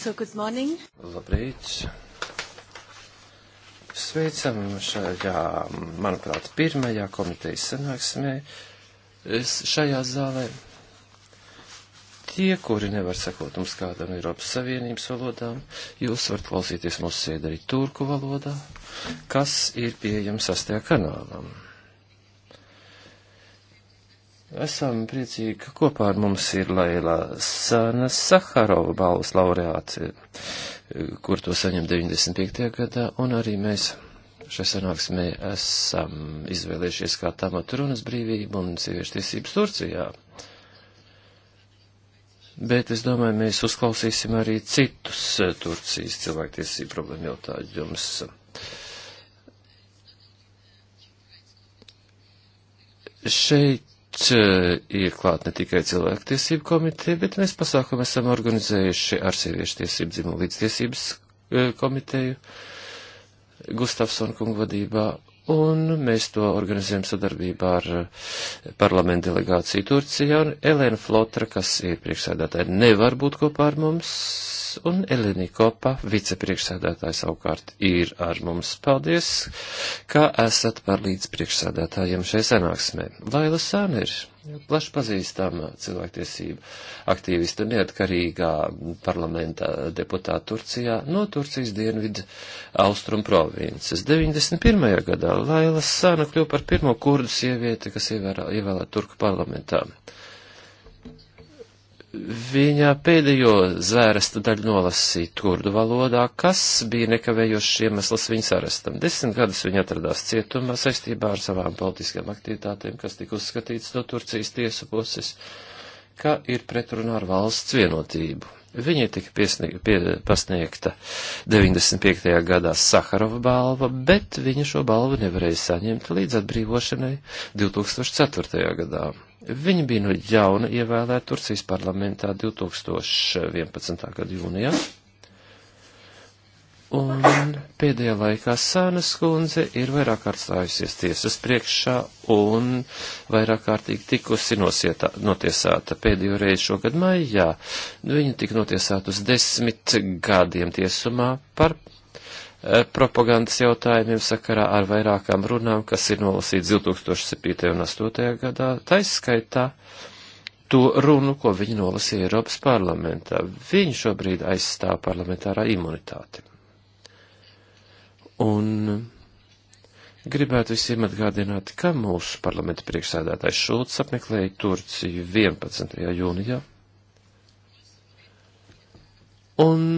So, good morning. Labrīt. Sveicam šajā, manuprāt, pirmajā komitejas sanāksmē šajā zālē. Tie, kuri nevar sekot mums kādam Eiropas Savienības valodām, jūs varat klausīties mūsu sēdi arī turku valodā, kas ir pieejams sastajā kanālam. Esam priecīgi, ka kopā ar mums ir Laila Sana Saharova balvas laureāte, kur to saņem 95. gadā, un arī mēs šai sanāksmē esam izvēlējušies kā tamatu runas brīvību un sieviešu tiesības Turcijā. Bet es domāju, mēs uzklausīsim arī citus eh, Turcijas cilvēktiesību problēmu jautājumus. Šeit Eh, ir klāt ne tikai cilvēktiesību komiteja, bet mēs pasākumu esam organizējuši ar sieviešu tiesību dzimumu līdztiesības eh, komiteju Gustafsson kungu vadībā un mēs to organizējam sadarbībā ar eh, parlamentu delegāciju Turcijā, un Elēna Flotra, kas ir priekšsēdētāja, nevar būt kopā ar mums, un Eleni Kopa, vicepriekšsēdētāja savukārt, ir ar mums. Paldies, ka esat par līdz priekšsēdētājiem šai sanāksmē. Laila Sāneris plaši pazīstama cilvēktiesība aktīvista neatkarīgā parlamenta deputāta Turcijā no Turcijas dienvidu austrum provinces. 91. gadā Laila Sāna kļuva par pirmo kurdu sievieti, kas ievēlēta Turku parlamentā. Uh, viņa pēdējo zvērsta daļu nolasīja kurdu valodā, kas bija nekavējošs iemesls viņas arestam. Desmit gadus viņa atradās cietumā saistībā ar savām politiskām aktivitātēm, kas tika uzskatīts no Turcijas tiesu puses, ka ir pretrunā ar valsts vienotību. Viņai tika piesnieg, pie, pasniegta 95. gadā Saharova balva, bet viņa šo balvu nevarēja saņemt līdz atbrīvošanai 2004. gadā. Viņa bija no jauna ievēlēta Turcijas parlamentā 2011. gada jūnijā. Un pēdējā laikā Sānas kundze ir vairāk kārt stājusies tiesas priekšā un vairāk kārtīgi tikusi nosietā, notiesāta pēdējo reizi šogad maijā. Viņa tika notiesāta uz desmit gadiem tiesumā par Eh, propagandas jautājumiem sakarā ar vairākām runām, kas ir nolasīts 2007. un 2008. gadā, taiskaitā to runu, ko viņi nolasīja Eiropas parlamentā. Viņi šobrīd aizstāv parlamentārā imunitāti. Un gribētu visiem atgādināt, ka mūsu parlamenta priekšsēdētājs Šulcs apmeklēja Turciju 11. jūnijā. Un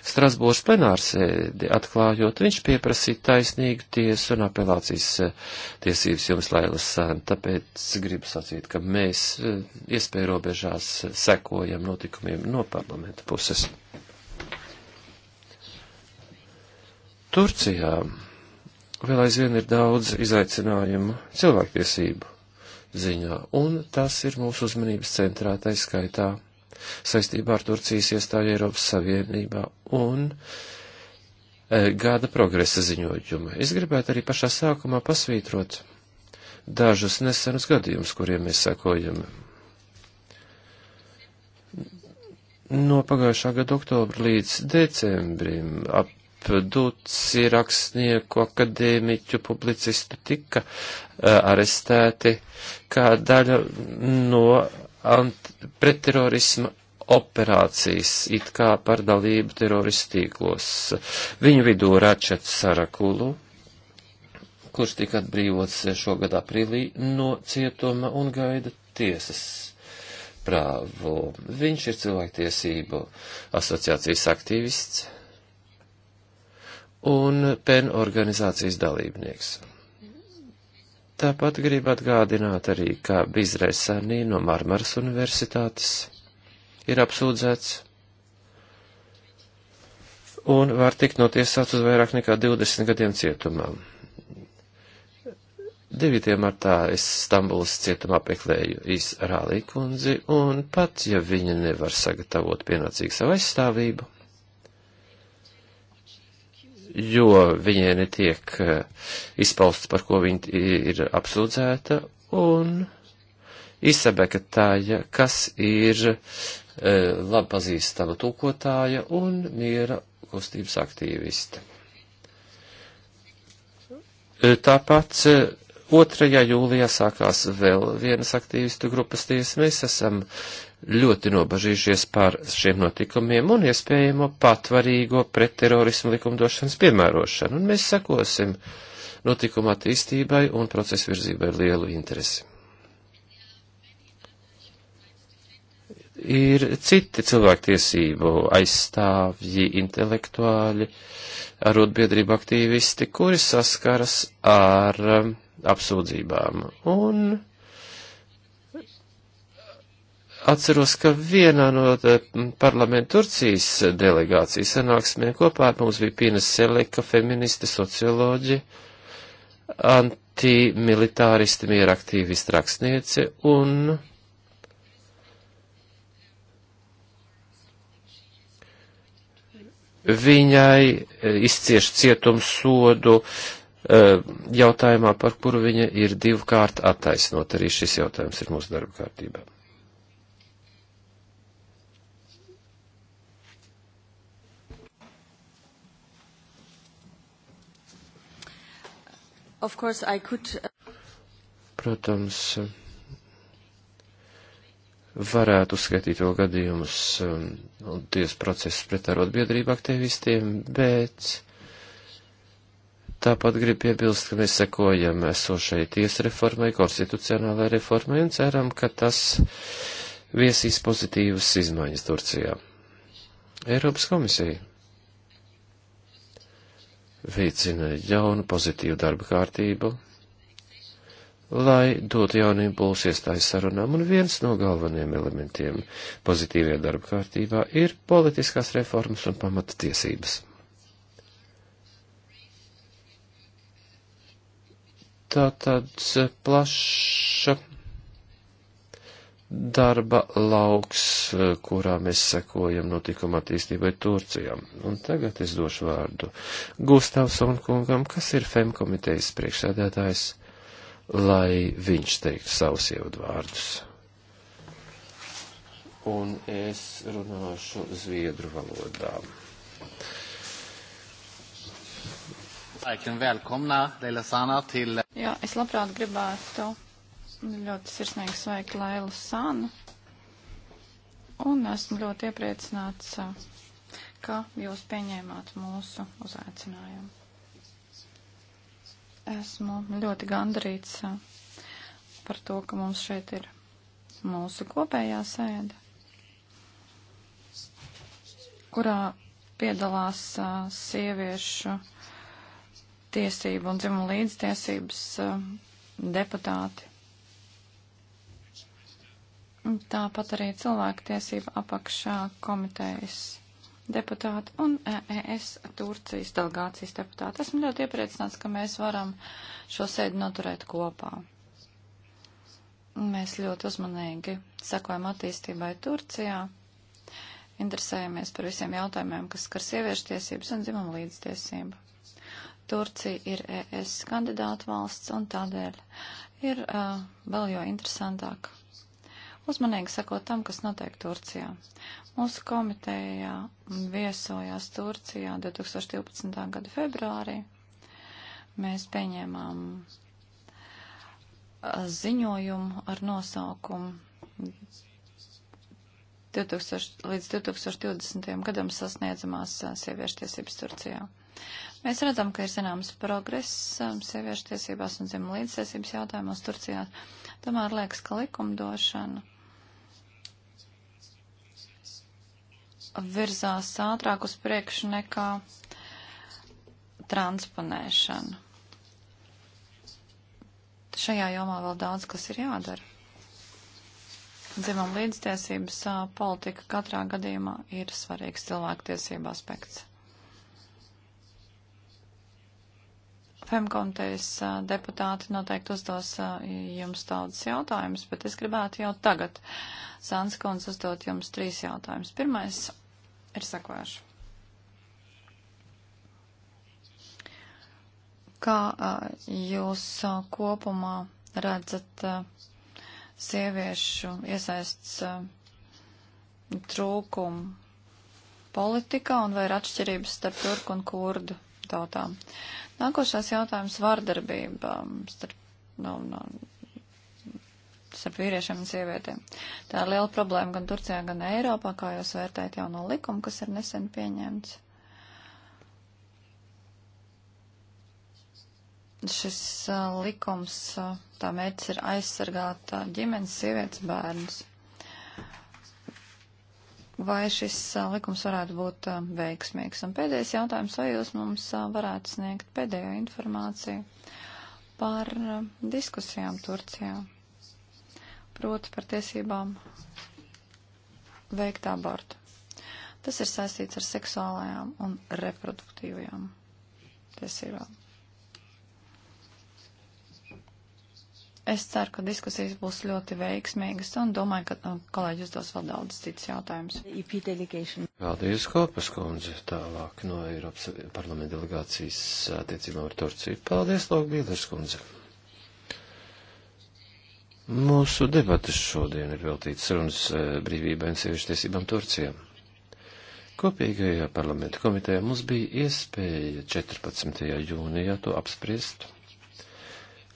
Strasbūras plenārsēdi atklājot, viņš pieprasīja taisnīgu tiesu un apelācijas eh, tiesības jums, Lailas Sēna. Tāpēc gribu sacīt, ka mēs eh, iespēju robežās sekojam notikumiem no parlamenta puses. Turcijā vēl aizvien ir daudz izaicinājumu cilvēktiesību ziņā, un tas ir mūsu uzmanības centrā taiskaitā. skaitā saistībā ar Turcijas iestāju Eiropas Savienībā un e, gada progresa ziņojumu. Es gribētu arī pašā sākumā pasvītrot dažus nesenus gadījumus, kuriem mēs sekojam. No pagājušā gada oktobra līdz decembrim ap duci rakstnieku, akadēmiķu, publicistu tika e, arestēti kā daļa no pretterorisma operācijas, it kā par dalību teroristīklos. Viņu vidū Račets Sarakulu, kurš tika atbrīvots šogad aprīlī no cietuma un gaida tiesas prāvu. Viņš ir cilvēktiesību asociācijas aktīvists un PEN organizācijas dalībnieks. Tāpat gribu atgādināt arī, ka Bizresānī no Marmaras universitātes ir apsūdzēts un var tikt notiesāts uz vairāk nekā 20 gadiem cietumā. 9. martā es Stambulas cietumā apmeklēju Izrālī kundzi, un pat, ja viņa nevar sagatavot pienācīgu savu aizstāvību, jo viņai netiek eh, izpausts, par ko viņa ir apsūdzēta, un Isabeka tāja, kas ir e, labi pazīstama tūkotāja un miera kustības aktīviste. Eh, tāpat 2. jūlijā sākās vēl vienas aktīvistu grupas tiesa. Mēs esam ļoti nobažījušies par šiem notikumiem un iespējamo patvarīgo pretterorismu likumdošanas piemērošanu, un mēs sakosim notikuma attīstībai un procesu virzībai ar lielu interesi. ir citi cilvēktiesību aizstāvji, intelektuāļi, arotbiedrība aktīvisti, kuri saskaras ar um, apsūdzībām. Un atceros, ka vienā no eh, parlamentu Turcijas delegācijas sanāksmēm kopā ar mums bija Pīna Seleka, feministe, socioloģi, antimilitāristi, mieraktīvisti, rakstniece un. Viņai eh, izcieš cietumsodu eh, jautājumā, par kuru viņa ir divkārt attaisnot. Arī šis jautājums ir mūsu darba kārtībā. Of course, I could... Uh, Protams, varētu uzskatīt vēl gadījumus um, un tiesu procesus pret arotbiedrību aktīvistiem, bet tāpat grib piebilst, ka mēs sekojam esošai tiesreformai, konstitucionālai reformai un ceram, ka tas viesīs pozitīvas izmaiņas Turcijā. Eiropas komisija veicina jaunu pozitīvu darba kārtību, lai dotu jaunu impulsu iestājas sarunām, un viens no galvenajiem elementiem pozitīvajā darba kārtībā ir politiskās reformas un pamata tiesības. Tātad plaša darba lauks, eh, kurā mēs sekojam notikuma attīstībai Turcijā. Un tagad es došu vārdu Gustavson kungam, kas ir FEM komitejas priekšsēdētājs, lai viņš teiktu savus ievadvārdus. Un es runāšu zviedru valodā. Ja, es labprāt gribētu Nu, ļoti sirsnīgi sveikt Lailu Sanu. Un esmu ļoti iepriecināts, ka jūs pieņēmāt mūsu uzaicinājumu. Esmu ļoti gandarīts par to, ka mums šeit ir mūsu kopējā sēde, kurā piedalās sieviešu tiesību un dzimumu līdztiesības deputāti tāpat arī cilvēktiesība apakšā komitejas deputāti un ES e Turcijas delegācijas deputāti. Esmu ļoti iepriecināts, ka mēs varam šo sēdi noturēt kopā. Mēs ļoti uzmanīgi sekojam attīstībai Turcijā, interesējamies par visiem jautājumiem, kas skar sieviešu tiesības un dzimumu līdztiesību. Turcija ir ES e kandidāta valsts un tādēļ ir uh, vēl jo interesantāk uzmanīgi sakot tam, kas notiek Turcijā. Mūsu komitejā viesojās Turcijā 2012. gada februārī. Mēs pieņēmām ziņojumu ar nosaukumu 2000, līdz 2020. gadam sasniedzamās sieviešu tiesības Turcijā. Mēs redzam, ka ir zināms progress sieviešu tiesībās un dzimuma līdztiesības jautājumos Turcijā. Uh, Tomēr liekas, ka likumdošana virzās ātrāk uz priekšu nekā transponēšana. Šajā jomā vēl daudz kas ir jādara. Dzimam līdztiesības politika katrā gadījumā ir svarīgs cilvēktiesība aspekts. FEM komitejas deputāti noteikti uzdos jums daudz jautājumus, bet es gribētu jau tagad, Sāns Kons, uzdot jums trīs jautājumus. Pirmais ir sakojuši. Kā jūs kopumā redzat sieviešu iesaists trūkumu politikā un vai ir atšķirības starp turku un kurdu tautām? Nākošais jautājums - vardarbība um, starp, nu, no, nu, no, starp vīriešiem un sievietēm. Tā ir liela problēma gan Turcijā, gan Eiropā, kā jūs vērtējat jauno likumu, kas ir nesen pieņemts. Šis uh, likums, uh, tā mērķis ir aizsargāt uh, ģimenes, sievietes, bērnus vai šis likums varētu būt veiksmīgs. Un pēdējais jautājums, vai jūs mums varētu sniegt pēdējo informāciju par diskusijām Turcijā, proti par tiesībām veikt abortu. Tas ir saistīts ar seksuālajām un reproduktīvajām tiesībām. Es ceru, ka diskusijas būs ļoti veiksmīgas un domāju, ka nu, kolēģi uzdos vēl daudz citus jautājumus. E Paldies, Kopas kundze, tālāk no Eiropas parlamenta delegācijas attiecībām ar Turciju. Paldies, Lokbīlers kundze. Mūsu debatas šodien ir veltīts sarunas eh, brīvībai un sieviešu tiesībām Turcijā. Kopīgajā parlamenta komitejā mums bija iespēja 14. jūnijā to apspriest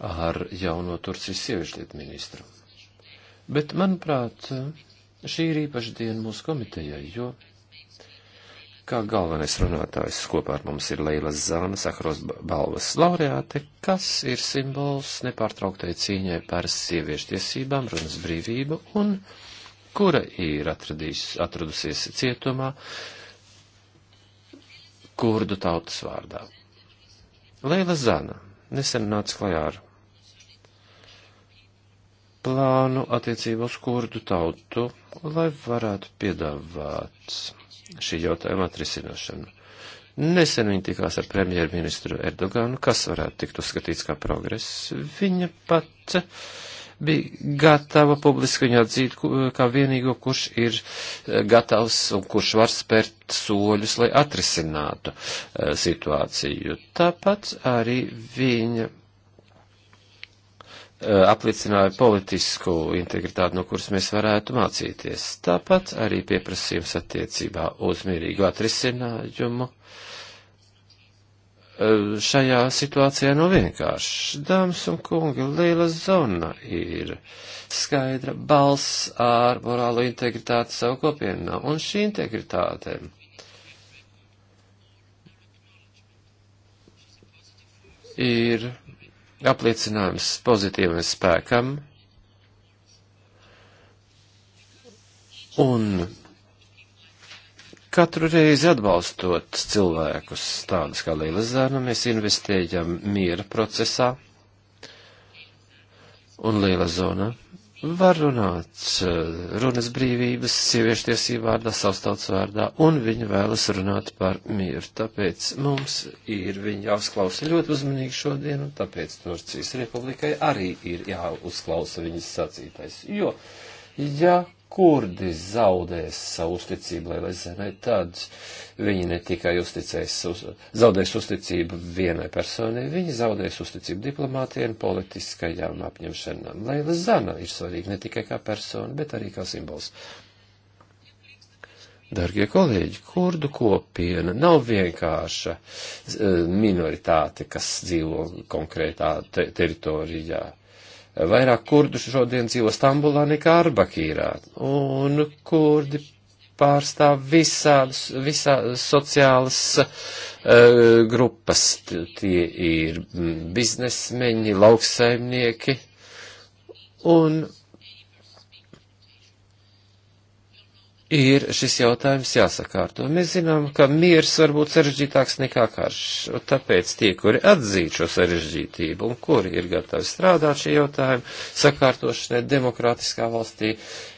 ar jauno Turcijas sieviešu lietu ministru. Bet, manuprāt, šī ir īpaša diena mūsu komitejai, jo kā galvenais runātājs kopā ar mums ir Leila Zāna, Sakaros balvas laureāte, kas ir simbols nepārtrauktai cīņai par sieviešu tiesībām, runas brīvību un kura ir atradīs, atradusies cietumā kurdu tautas vārdā. Leila Zāna nesen nāca klajā ar plānu attiecību uz kurdu tautu, lai varētu piedāvāt šī jautājuma atrisināšanu. Nesen viņa tikās ar premjerministru Erdoganu, kas varētu tikt uzskatīts kā progress. Viņa pat bija gatava publiski viņu atzīt kā vienīgo, kurš ir eh, gatavs un kurš var spērt soļus, lai atrisinātu eh, situāciju. Tāpat arī viņa eh, apliecināja politisku integritāti, no kuras mēs varētu mācīties. Tāpat arī pieprasījums attiecībā uz mierīgu atrisinājumu uh, šajā situācijā nav no vienkārši. Dāmas un kungi, liela zona ir skaidra balss ar morālo integritāti savu kopienā, un šī integritāte ir apliecinājums pozitīvam spēkam, un Katru reizi atbalstot cilvēkus tādus kā Līla Zāna, mēs investējam miera procesā, un Līla Zona var runāt eh, runas brīvības, sieviešu tiesību vārdā, savstauts vārdā, un viņa vēlas runāt par mieru. Tāpēc mums ir viņa jāuzklausa ļoti uzmanīgi šodien, un tāpēc Turcijas republikai arī ir jāuzklausa viņas sacītais. Jo, ja kurdi zaudēs savu uzticību, lai lezenai tad viņi ne tikai uzticēs, uz, zaudēs uzticību vienai personai, viņi zaudēs uzticību diplomātiem, politiskajām apņemšanām. Lai lezana ir svarīga ne tikai kā persona, bet arī kā simbols. Dargie kolēģi, kurdu kopiena nav vienkārša eh, minoritāte, kas dzīvo konkrētā te teritorijā. Vairāk kurdu šodien dzīvo Stambulā nekā Arbakīrā, un kurdi pārstāv visādas, visādas sociālas uh, grupas. Tie ir biznesmeņi, lauksaimnieki, un ir šis jautājums jāsakārto. Mēs zinām, ka miers var būt sarežģītāks nekā karš, un tāpēc tie, kuri atzīst šo sarežģītību un kuri ir gatavi strādāt šī jautājuma sakārtošanai demokrātiskā valstī,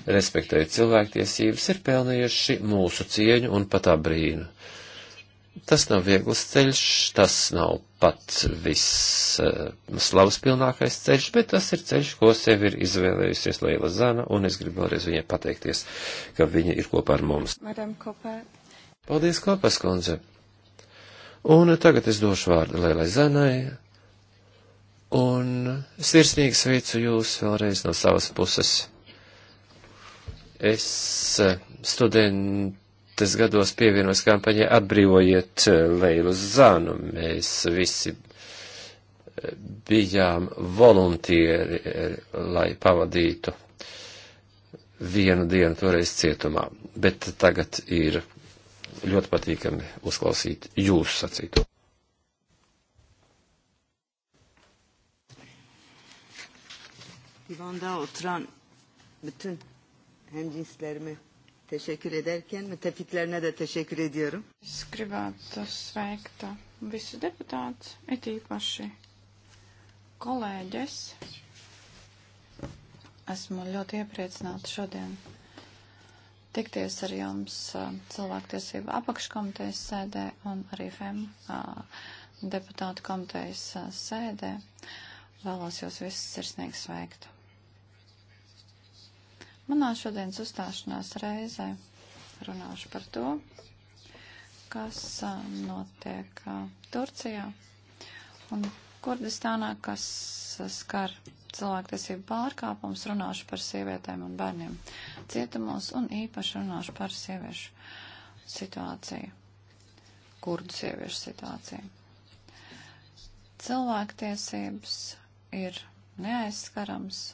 respektējot cilvēktiesības, ir pelnījuši mūsu cieņu un pat abrīnu. Tas nav viegls ceļš, tas nav pat viss uh, slavas pilnākais ceļš, bet tas ir ceļš, ko sev ir izvēlējusies Leila Zana, un es gribu vēlreiz viņai pateikties, ka viņa ir kopā ar mums. Kopā. Paldies, Kopas kundze! Un tagad es došu vārdu Leilai Zanai, un sirsnīgi sveicu jūs vēlreiz no savas puses. Es eh, studentu 90. gados pievienos kampaņai atbrīvojiet eh, Leilu Zanu. Mēs visi eh, bijām voluntieri, eh, lai pavadītu vienu dienu toreiz cietumā, bet tagad ir ļoti patīkami uzklausīt jūsu sacīto. Divanda oturan bütün hemcinslerimi teşekkür ederken müttefiklerine de teşekkür ediyorum. Es gribētu sveikt visu deputātu, it īpaši kolēģes. Esmu ļoti iepriecināta šodien tikties ar jums cilvēktiesību apakškomitejas sēdē un arī FEM deputātu komitejas sēdē. Vēlos jūs visus sirsnīgi sveikt. Manā šodienas uzstāšanās reizē runāšu par to, kas notiek Turcijā un Kurdistānā, kas skar cilvēktiesību pārkāpums, runāšu par sievietēm un bērniem cietumos un īpaši runāšu par sieviešu situāciju, kurdu sieviešu situāciju. Cilvēktiesības ir neaizskarams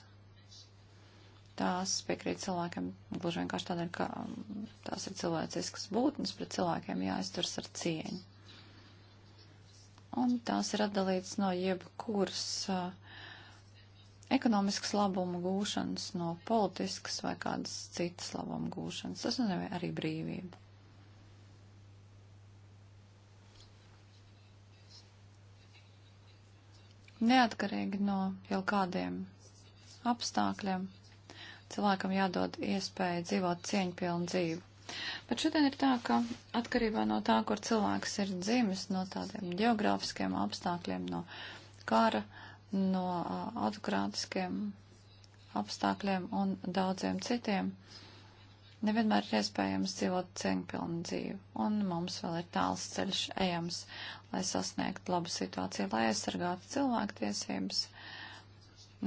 tās piekrīt cilvēkiem, gluži vienkārši tādēļ, ka um, tās ir cilvēciskas būtnes, pret cilvēkiem jāizturas ar cieņu. Un tās ir atdalītas no jebkuras uh, ekonomiskas labuma gūšanas, no politiskas vai kādas citas labuma gūšanas. Tas nozīmē arī brīvību. Neatkarīgi no jau kādiem apstākļiem Cilvēkam jādod iespēja dzīvot cieņpilnu dzīvi. Bet šodien ir tā, ka atkarībā no tā, kur cilvēks ir dzimis, no tādiem geogrāfiskiem apstākļiem, no kara, no autokrātiskiem apstākļiem un daudziem citiem, nevienmēr ir iespējams dzīvot cieņpilnu dzīvi. Un mums vēl ir tāls ceļš ejams, lai sasniegtu labu situāciju, lai aizsargātu cilvēktiesības.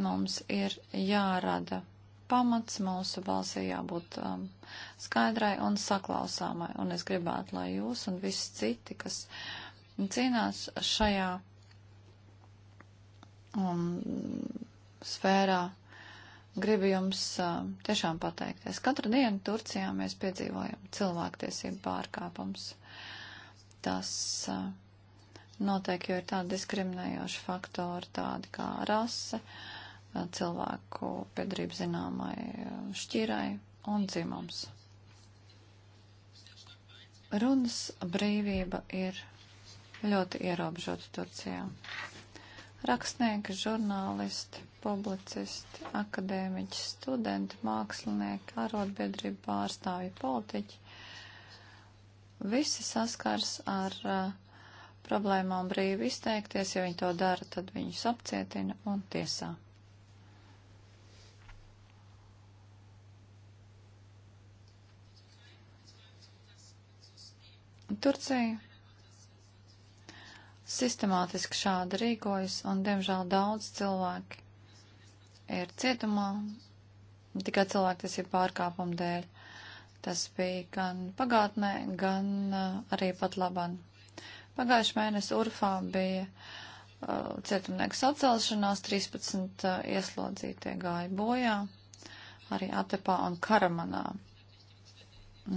Mums ir jārada pamats mūsu balsī jābūt um, skaidrai un saklausāmai. Un es gribētu, lai jūs un visi citi, kas cīnās šajā um, sfērā, gribu jums uh, tiešām pateikties. Katru dienu Turcijā mēs piedzīvojam cilvēktiesību pārkāpums. Tas uh, notiek, jo ir tādi diskriminējoši faktori, tādi kā rase. Uh, cilvēku piedarību zināmai šķirai un dzimums. Runas brīvība ir ļoti ierobežota Turcijā. Rakstnieki, žurnālisti, publicisti, akadēmiķi, studenti, mākslinieki, arotbiedrību pārstāvji, politiķi visi saskars ar uh, problēmām brīvi izteikties, ja viņi to dara, tad viņus apcietina un tiesā. Turcija sistemātiski šādi rīkojas, un diemžēl daudz cilvēki ir cietumā tikai cilvēktiesību pārkāpumu dēļ. Tas bija gan pagātnē, gan uh, arī pat laban. Pagājuši mēnesi Urfā bija uh, cietumnieks atcelšanās, 13 uh, ieslodzītie gāja bojā, arī Atepā un Karamanā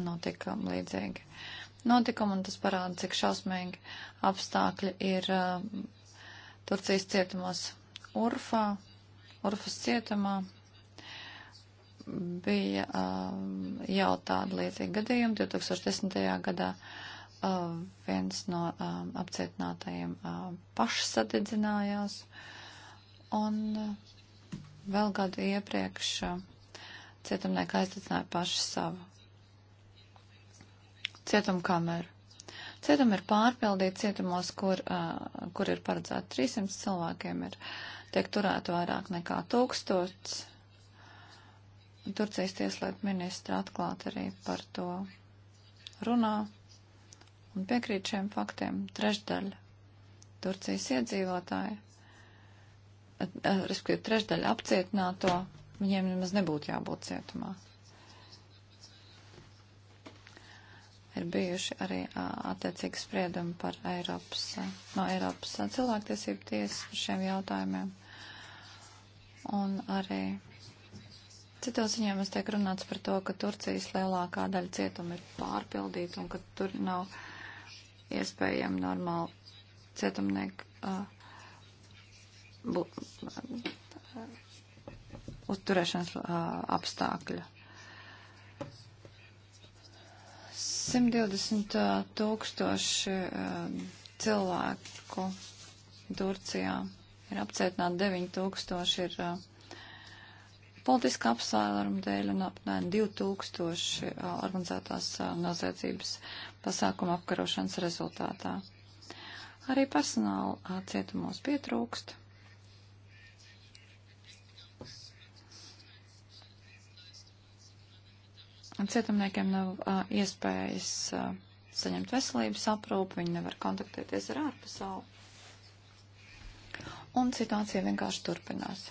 notika līdzīgi. Uh, notikumu, un tas parāda, cik šausmīgi apstākļi ir uh, Turcijas cietumos Urfā, Urfas cietumā. Bija uh, jau tāda līdzīga gadījuma 2010. gadā. Uh, viens no uh, apcietinātajiem uh, pašsadedzinājās, un uh, vēl gadu iepriekš uh, cietumnieki aizdedzināja paši savu cietumkameru. Cietumi ir pārpildīti cietumos, kur, uh, kur ir paredzēti 300 cilvēkiem, ir tiek turēti vairāk nekā tūkstots. Turcijas tieslietu ministra atklāti arī par to runā un piekrīt šiem faktiem. Trešdaļa Turcijas iedzīvotāji, respektīvi trešdaļa apcietināto, viņiem nemaz nebūtu jābūt cietumā. ir bijuši arī attiecīgi spriedumi par Eiropas, no Eiropas cilvēktiesību tiesas par šiem jautājumiem. Un arī citos ziņojumos tiek runāts par to, ka Turcijas lielākā daļa cietuma ir pārpildīta un ka tur nav iespējami normāli cietumnieku uh, bu, uh, uzturēšanas uh, apstākļu 120 tūkstoši cilvēku Turcijā ir apcietināti, 9 tūkstoši ir politiska apsvēruma dēļ un apmēram 2000 organizētās noziedzības pasākuma apkarošanas rezultātā. Arī personāla cietumos pietrūkst. Cietumniekiem nav uh, iespējas uh, saņemt veselības aprūpu, viņi nevar kontaktēties ar ārpasauli. Un situācija vienkārši turpinās.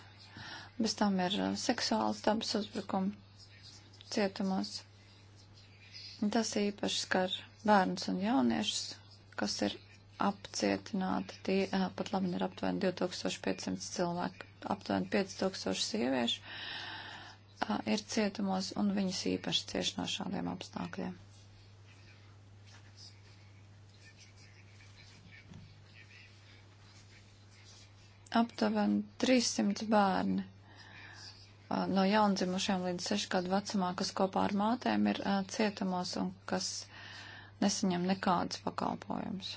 Bez tam ir uh, seksuāls dabas uzbrukumi cietumos. Tas īpaši skar bērnus un jauniešus, kas ir apcietināti. Tie uh, pat labi ir aptuveni 2500 cilvēki, aptuveni 5000 sieviešu ir cietumos un viņas īpaši cieši no šādiem apstākļiem. Aptuveni 300 bērni no jaundzimušiem līdz 6 gadu vecumā, kas kopā ar mātēm ir cietumos un kas nesaņem nekādas pakalpojumus.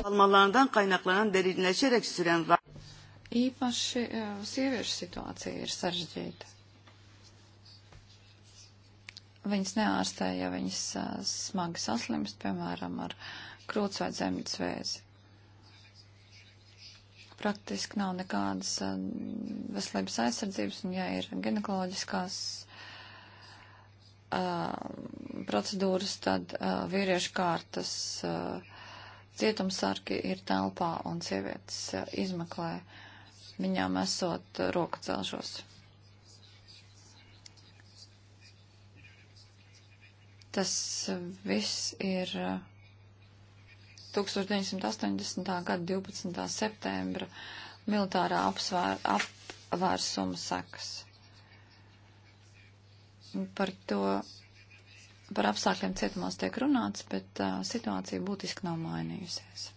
almalarından kaynaklanan derinleşerek süren Īpaši eh, sieviešu situācija ir sarežģīta. Viņas neārstē, ja viņas eh, smagi saslimst, piemēram, ar krūts vai dzemdas vēzi. Praktiski nav nekādas eh, veselības aizsardzības, un ja ir ginekoloģiskās uh, procedūras, tad uh, vīriešu kārtas uh, cietumsargi ir telpā un sievietes izmeklē uh, viņām esot roka celšos. Tas viss ir 1980. Uh, gada 12. septembra militārā apsvēr, apvērsuma sekas. Par to, par apstākļiem cietumos tiek runāts, bet uh, situācija būtiski nav mainījusies.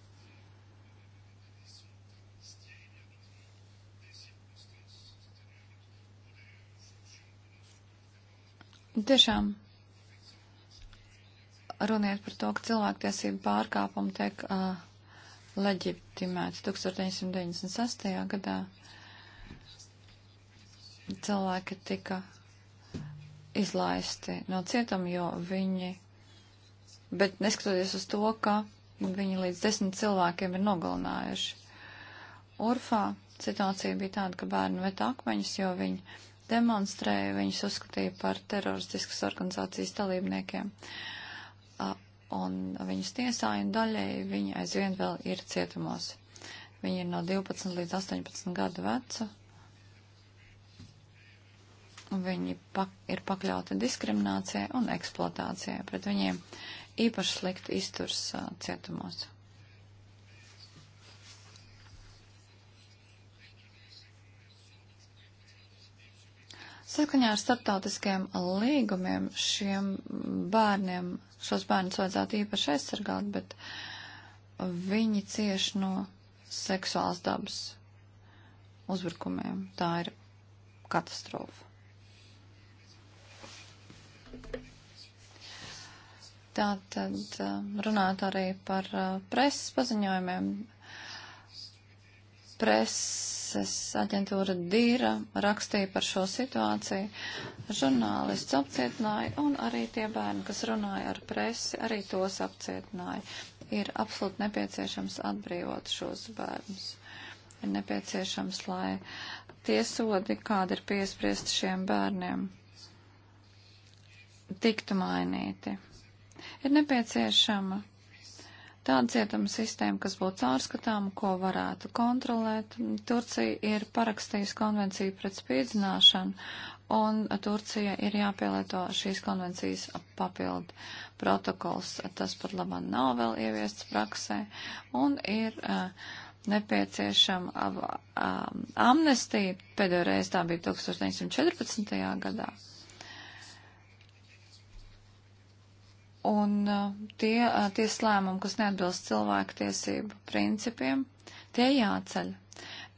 Tiešām runiet par to, ka cilvēktiesību pārkāpumi tiek uh, leģitimēti 1996. gadā. Cilvēki tika izlaisti no cietuma, jo viņi, bet neskatoties uz to, ka viņi līdz desmit cilvēkiem ir nogalinājuši. Urfā situācija bija tāda, ka bērni met akmeņus, jo viņi demonstrēja, viņus uzskatīja par teroristiskas organizācijas dalībniekiem. Un viņus tiesāja un daļēji viņi aizvien vēl ir cietumos. Viņi ir no 12 līdz 18 gadu vecu. Viņi pak ir pakļauti diskriminācijai un eksploatācijai. Pret viņiem īpaši slikti izturs cietumos. Sakaņā ar starptautiskiem līgumiem šiem bērniem, šos bērnus vajadzētu īpaši aizsargāt, bet viņi cieši no seksuāls dabas uzbrukumiem. Tā ir katastrofa. Tātad um, runāt arī par uh, preses paziņojumiem. Preses aģentūra Dīra rakstīja par šo situāciju. Žurnālists apcietināja un arī tie bērni, kas runāja ar presi, arī tos apcietināja. Ir absolūti nepieciešams atbrīvot šos bērnus. Ir nepieciešams, lai tiesodi, kāda ir piespriest šiem bērniem, tiktu mainīti. Ir nepieciešama tāda cietuma sistēma, kas būtu caurskatām, ko varētu kontrolēt. Turcija ir parakstījusi konvenciju pret spīdzināšanu, un Turcija ir jāpielieto šīs konvencijas papildu protokols. Tas pat labam nav vēl ieviests praksē, un ir uh, nepieciešama uh, amnestija. Pēdējo reizi tā bija 1914. gadā. Un uh, tie uh, tieslēmumi, kas neatbilst cilvēku tiesību principiem, tie jāceļ.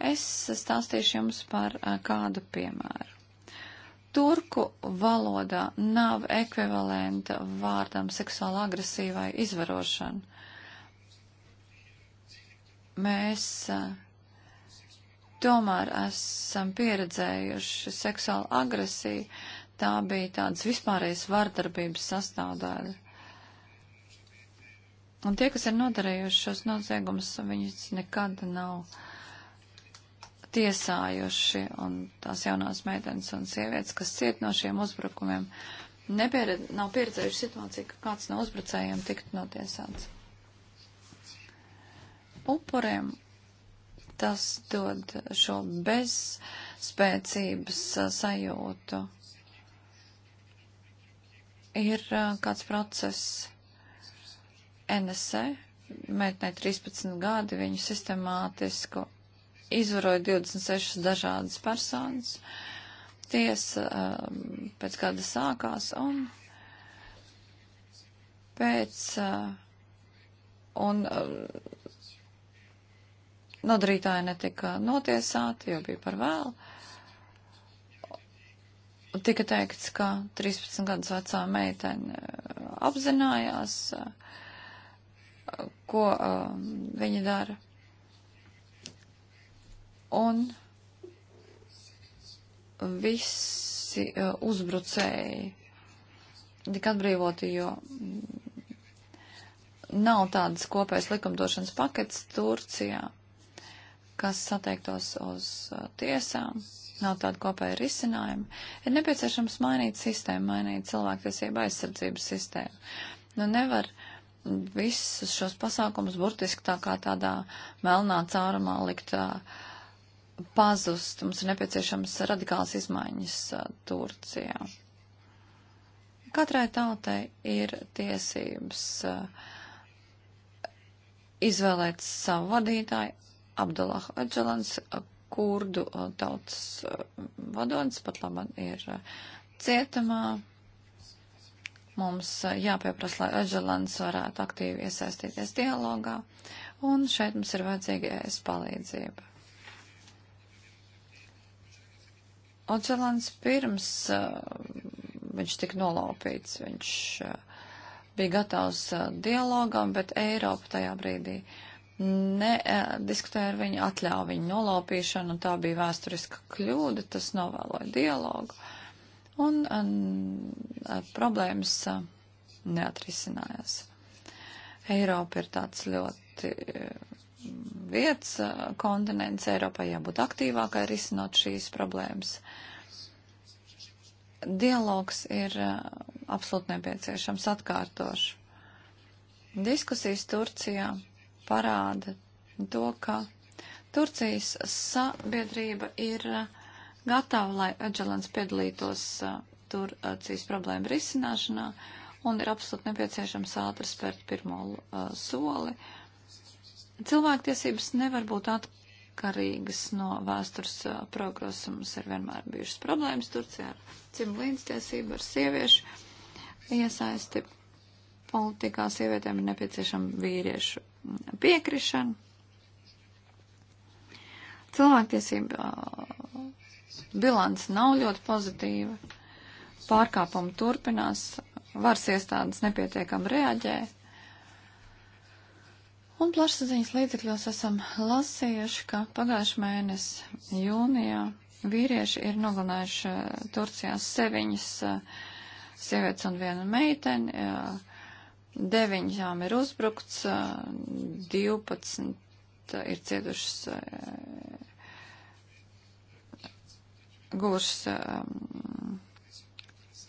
Es stāstīšu jums par uh, kādu piemēru. Turku valodā nav ekvivalenta vārdam seksuāli agresīvai izvarošana. Mēs tomēr esam pieredzējuši seksuālu agresiju. Tā bija tādas vispārējas vardarbības sastāvdaļa. Un tie, kas ir nodarījuši šos noziegumus, viņus nekad nav tiesājuši, un tās jaunās meitenes un sievietes, kas ciet no šiem uzbrukumiem, nepiered, nav pieredzējuši situāciju, ka kāds no uzbrucējiem tiktu notiesāts. Upuriem tas dod šo bezspēcības sajūtu. Ir kāds process, NSA, e, meitnei 13 gadi, viņu sistemātisku izvaroja 26 dažādas personas. Tiesa uh, pēc gada sākās un pēc uh, un uh, nodarītāji netika notiesāti, jo bija par vēlu. Tika teikts, ka 13 gadus vecā meitene uh, apzinājās uh, ko uh, viņi dara. Un visi uh, uzbrucēji tika atbrīvoti, jo mm, nav tādas kopējas likumdošanas paketes Turcijā, kas sateiktos uz uh, tiesām, nav tāda kopēja risinājuma. Ir nepieciešams mainīt sistēmu, mainīt cilvēktiesību aizsardzības sistēmu. Nu nevar uh, visus šos pasākumus burtiski tā kā tādā melnā caurumā likt pazust. Mums ir nepieciešams radikāls izmaiņas Turcijā. Katrai tautai ir tiesības izvēlēt savu vadītāju, Abdullah Öcalans, kurdu tautas vadonis, pat labāk ir cietumā, Mums eh, jāpieprasa, lai Aģelants varētu aktīvi iesaistīties dialogā, un šeit mums ir vajadzīga ES palīdzība. Ocelans pirms uh, viņš tika nolaupīts, viņš uh, bija gatavs uh, dialogam, bet Eiropa tajā brīdī ne, uh, diskutēja ar viņu, atļāva viņu nolaupīšanu, un tā bija vēsturiska kļūda, tas novēloja dialogu un um, problēmas uh, neatrisinājās. Eiropa ir tāds ļoti uh, vietas uh, kontinents, Eiropai jābūt aktīvākai risinot šīs problēmas. Dialogs ir absolūti nepieciešams atkārtoši. Diskusijas Turcijā parāda to, ka Turcijas sabiedrība ir uh, gatava, lai Adžalans piedalītos uh, Turcijas problēmu risināšanā un ir absolūti nepieciešams ātri spērt pirmo uh, soli. Cilvēktiesības nevar būt atkarīgas no vēstures uh, progresa. Mums ir vienmēr bijušas problēmas Turcijā ar dzimumu līdztiesību, ar sieviešu iesaisti politikā. Sievietēm ir nepieciešama vīriešu piekrišana. Cilvēktiesība uh, bilants nav ļoti pozitīva, pārkāpumi turpinās, varas iestādes nepietiekam reaģē. Un plašsaziņas līdzekļos esam lasījuši, ka pagājušajā mēnesī jūnijā vīrieši ir nogalinājuši eh, Turcijā seviņas eh, sievietes un vienu meiteni. Eh, deviņām ir uzbrukts, divpadsmit ir cietušas guvušas um,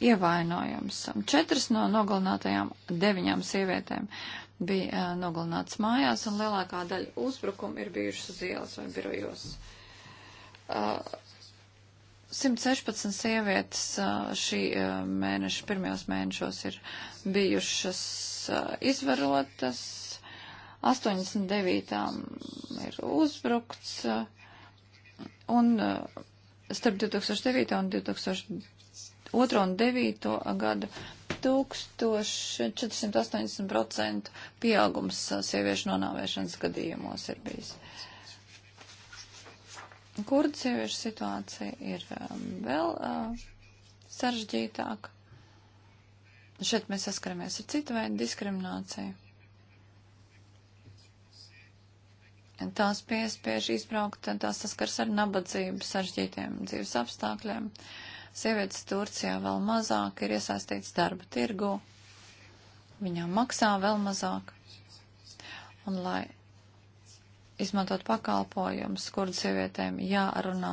ievainojums. Četras no nogalinātajām deviņām sievietēm bija uh, nogalinātas mājās, un lielākā daļa uzbrukumu ir bijušas uz ielas vai birojos. Uh, 116 sievietes uh, šī uh, mēneša, pirmajos mēnešos ir bijušas uh, izvarotas, 89 ir uzbrukts, uh, un uh, starp 2009 un 2002 un 2009 gadu 1480% pieaugums sieviešu nonāvēšanas gadījumos ir bijis. Kurdu sieviešu situācija ir um, vēl uh, sarežģītāka. Šeit mēs saskaramies ar citu veidu diskrimināciju. tās piespiež izbraukt, tās saskars ar nabadzību, sarežģītiem dzīves apstākļiem. Sievietes Turcijā vēl mazāk ir iesaistīts darba tirgu, viņām maksā vēl mazāk. Un lai izmantot pakalpojumus, kurdu sievietēm jārunā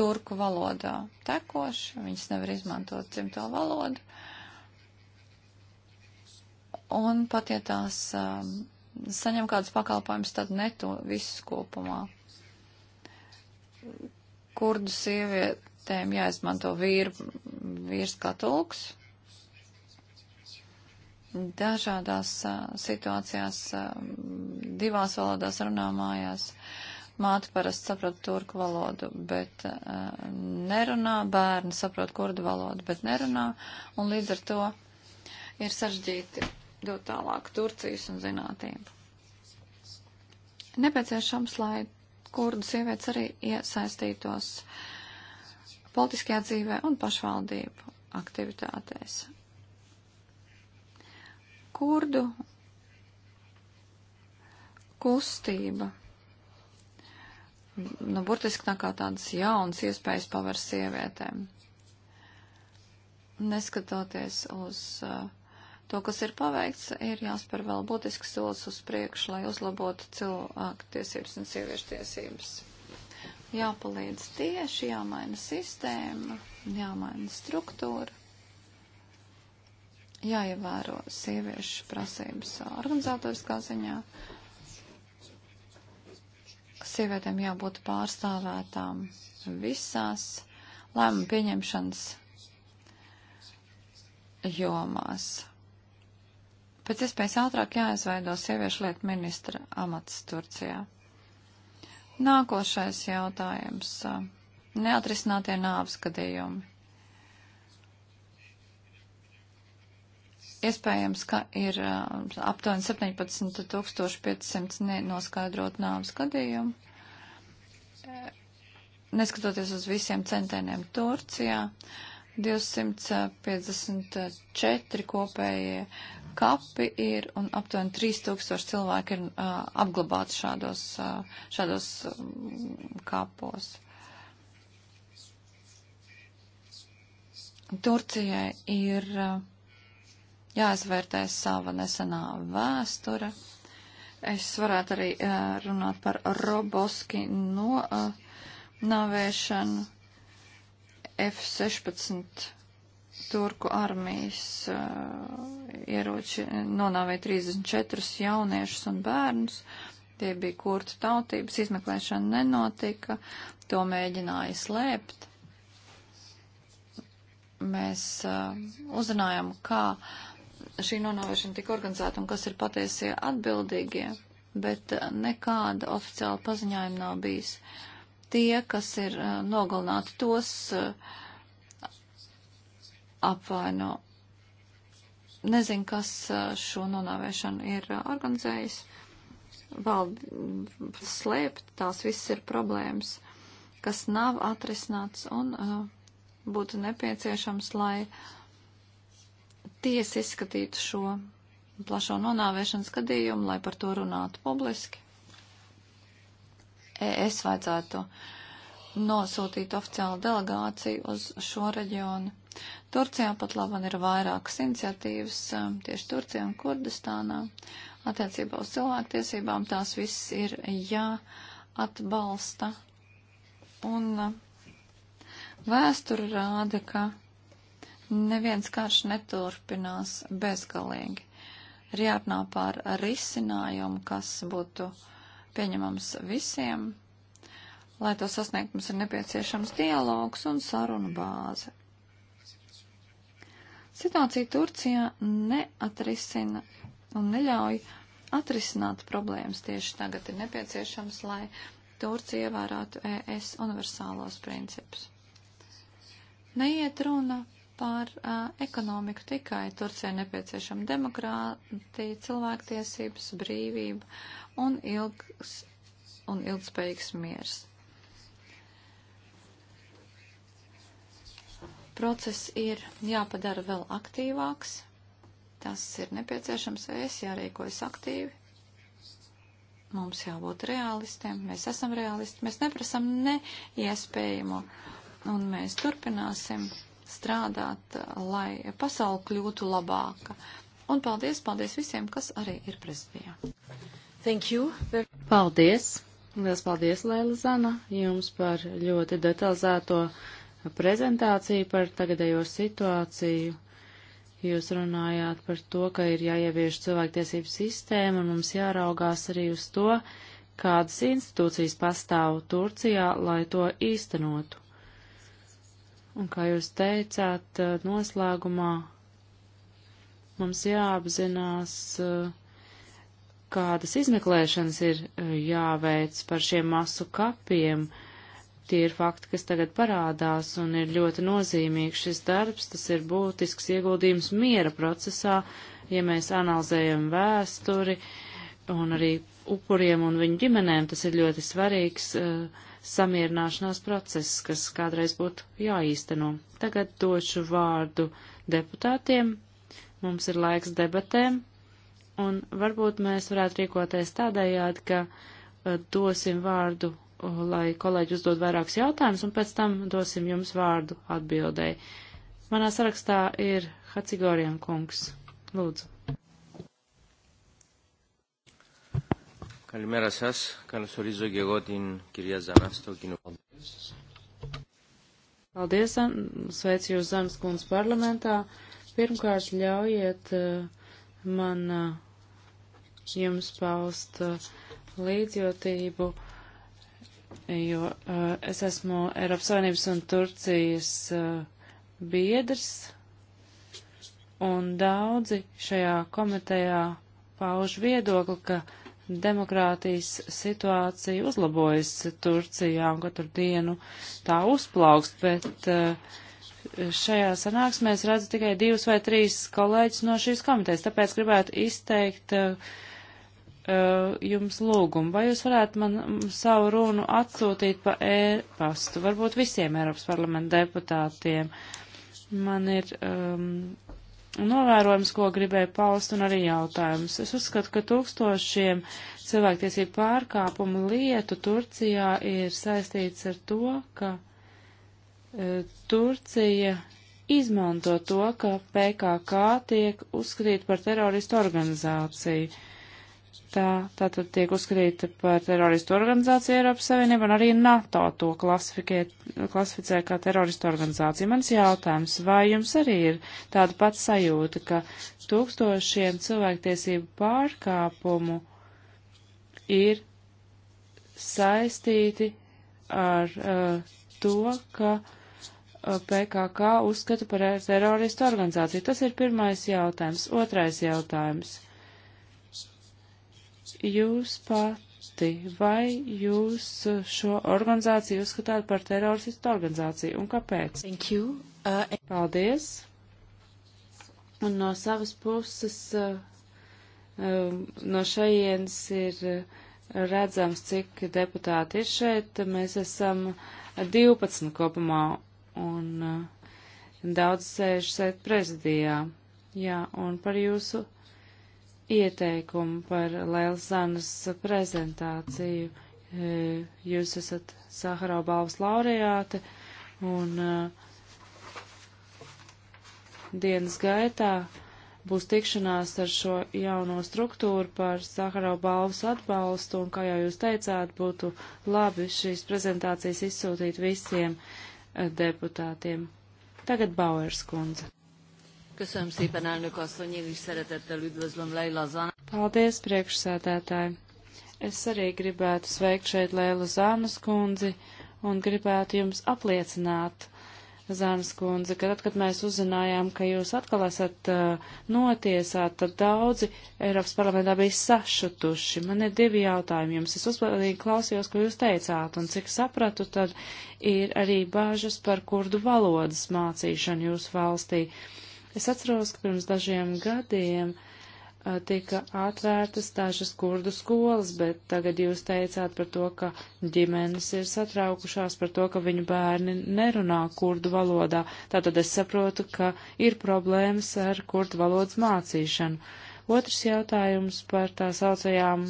turku valodā tekoši, viņas nevar izmantot dzimto valodu. Un pat ja tās um, saņem kādus pakalpojumus, tad ne to visus kopumā. Kurdu sievietēm jāizmanto vīru, vīrs katulks. Dažādās uh, situācijās, uh, divās valodās runāmājās. Māte parasti saprot turku valodu, bet uh, nerunā, bērni saprot kurdu valodu, bet nerunā, un līdz ar to ir sažģīti dot tālāk Turcijas un zinātību. Nepieciešams, lai kurdu sievietes arī iesaistītos politiskajā dzīvē un pašvaldību aktivitātēs. Kurdu kustība nu, burtiski tā kā tādas jaunas iespējas paver sievietēm. Neskatoties uz uh, to, kas ir paveikts, ir jāspēr vēl būtisks solis uz priekšu, lai uzlabotu cilvēku tiesības un sieviešu tiesības. Jāpalīdz tieši, jāmaina sistēma, jāmaina struktūra, jāievēro sieviešu prasības organizatoriskā ziņā. Sievietēm jābūt pārstāvētām visās lēmumu pieņemšanas jomās. Pēc iespējas ātrāk jāizveido sieviešu lietu ministra amats Turcijā. Nākošais jautājums. Neatrisinātie nāvs gadījumi. Iespējams, ka ir aptuveni 17 500 nenoskaidrot nāvs gadījumu. Neskatoties uz visiem centieniem Turcijā, 254 kopējie kapi ir un aptuveni 3000 cilvēki ir uh, apglabāti šādos, uh, šādos um, kapos. Turcijai ir uh, jāizvērtē sava nesenā vēsture. Es varētu arī uh, runāt par Roboski no uh, navēšanu F-16 Turku armijas uh, ieroči nonāvēja 34 jauniešus un bērnus. Tie bija kurta tautības, izmeklēšana nenotika, to mēģināja slēpt. Mēs uh, eh, uzrunājam, kā šī nonāvēšana tika organizēta un kas ir patiesie atbildīgie, bet uh, nekāda oficiāla paziņojuma nav bijis. Tie, kas ir uh, nogalināti tos, uh, apvaino. Nezinu, kas uh, šo nonāvēšanu ir uh, organizējis. Valdi slēpt, tās viss ir problēmas, kas nav atrisināts un uh, būtu nepieciešams, lai tiesa izskatītu šo plašo nonāvēšanas gadījumu, lai par to runātu publiski. Es vajadzētu nosūtīt oficiālu delegāciju uz šo reģionu, Turcijā pat labam ir vairākas iniciatīvas um, tieši Turcijā un Kurdistānā attiecībā uz cilvēktiesībām. Tās viss ir jāatbalsta. Un um, vēsture rāda, ka neviens karš neturpinās bezgalīgi. Ir jārunā par risinājumu, kas būtu pieņemams visiem. Lai to sasniegt, mums ir nepieciešams dialogs un sarunu bāze. Situācija Turcijā neatrisina un neļauj atrisināt problēmas tieši tagad ir nepieciešams, lai Turcija ievērātu ES universālos principus. Neiet runa par uh, ekonomiku tikai. Turcijai nepieciešama demokrātija, cilvēktiesības, brīvība un, ilgs, un ilgspējīgs miers. Process ir jāpadara vēl aktīvāks. Tas ir nepieciešams es, jārīkojas aktīvi. Mums jābūt realistiem, mēs esam realisti, mēs neprasam neiespējamo, un mēs turpināsim strādāt, lai pasauli kļūtu labāka. Un paldies, paldies visiem, kas arī ir prezidijā. Thank you. Paldies. Liels paldies, Lēla Zana, jums par ļoti detalizēto prezentāciju par tagadējo situāciju. Jūs runājāt par to, ka ir jāievieš cilvēktiesību sistēma, un mums jāraugās arī uz to, kādas institūcijas pastāv Turcijā, lai to īstenotu. Un kā jūs teicāt, eh, noslēgumā mums jāapzinās, eh, kādas izmeklēšanas ir eh, jāveic par šiem masu kapiem, uh, Tie ir fakti, kas tagad parādās un ir ļoti nozīmīgs šis darbs, tas ir būtisks ieguldījums miera procesā, ja mēs analizējam vēsturi un arī upuriem un viņu ģimenēm, tas ir ļoti svarīgs uh, samierināšanās process, kas kādreiz būtu jāīsteno. Tagad došu vārdu deputātiem, mums ir laiks debatēm, un varbūt mēs varētu rīkoties tādējādi, ka eh, dosim vārdu lai kolēģi uzdod vairākus jautājumus, un pēc tam dosim jums vārdu atbildēji. Manā sarakstā ir Hacigorien kungs. Lūdzu. Καλημέρα σας. Καλωσορίζω και εγώ την κυρία Ζανά στο κοινοβούλιο. Paldies, sveicu jūs Zemes kundas parlamentā. Pirmkārt, ļaujiet uh, man uh, jums paust uh, līdzjotību jo uh, es esmu Eiropas Savienības un Turcijas uh, biedrs, un daudzi šajā komitejā pauž viedokli, ka demokrātijas situācija uzlabojas Turcijā un katru dienu tā uzplaukst, bet uh, šajā sanāksmē es redzu tikai divus vai trīs kolēģus no šīs komitejas, tāpēc gribētu izteikt uh, Uh, jums lūgumu. Vai jūs varētu man savu runu atsūtīt pa e-pastu, varbūt visiem Eiropas parlamenta deputātiem? Man ir um, novērojums, ko gribēju paust, un arī jautājums. Es uzskatu, ka tūkstošiem cilvēktiesību pārkāpumu lietu Turcijā ir saistīts ar to, ka uh, Turcija izmanto to, ka PKK tiek uzskatīta par teroristu organizāciju. Uh, tā, tā tad tiek uzskatīta par teroristu organizāciju Eiropas Savienība un arī NATO to klasificē kā teroristu organizāciju. Mans jautājums, vai jums arī ir tāda pati sajūta, ka tūkstošiem cilvēktiesību pārkāpumu ir saistīti ar uh, to, ka uh, PKK uzskata par eh, teroristu organizāciju? Tas ir pirmais jautājums. Otrais jautājums jūs pati, vai jūs šo organizāciju uzskatāt par teroristu organizāciju un kāpēc? Thank you. Uh, Paldies. Un no savas puses, uh, um, no šajienas ir uh, redzams, cik deputāti ir šeit. Mēs esam 12 kopumā un uh, daudz sēž sēt prezidijā. Jā, un par jūsu ieteikumu par Lēlas Zanas prezentāciju. E, jūs esat Saharau balvas laureāte un e, dienas gaitā būs tikšanās ar šo jauno struktūru par Saharau balvas atbalstu, un, kā jau jūs teicāt, būtu labi šīs prezentācijas izsūtīt visiem e, deputātiem. Tagad Bauers kundze. Köszönöm szépen, elnök asszony, én is szeretettel üdvözlöm Leila Zan. Paldies, priekšsēdētāji. Es arī gribētu sveikt šeit Leila Zānas kundzi un gribētu jums apliecināt, Zānas kundze, ka tad, kad mēs uzzinājām, ka jūs atkal esat uh, notiesāt, tad daudzi Eiropas parlamentā bija sašutuši. Man ir divi jautājumi jums. Es uzmanīgi klausījos, ko jūs teicāt, un cik sapratu, tad ir arī bāžas par kurdu valodas mācīšanu jūsu valstī. Uh, Es atceros, ka pirms dažiem gadiem uh, tika atvērtas dažas kurdu skolas, bet tagad jūs teicāt par to, ka ģimenes ir satraukušās par to, ka viņu bērni nerunā kurdu valodā. Tātad es saprotu, ka ir problēmas ar kurdu valodas mācīšanu. Otrs jautājums par tā saucajām.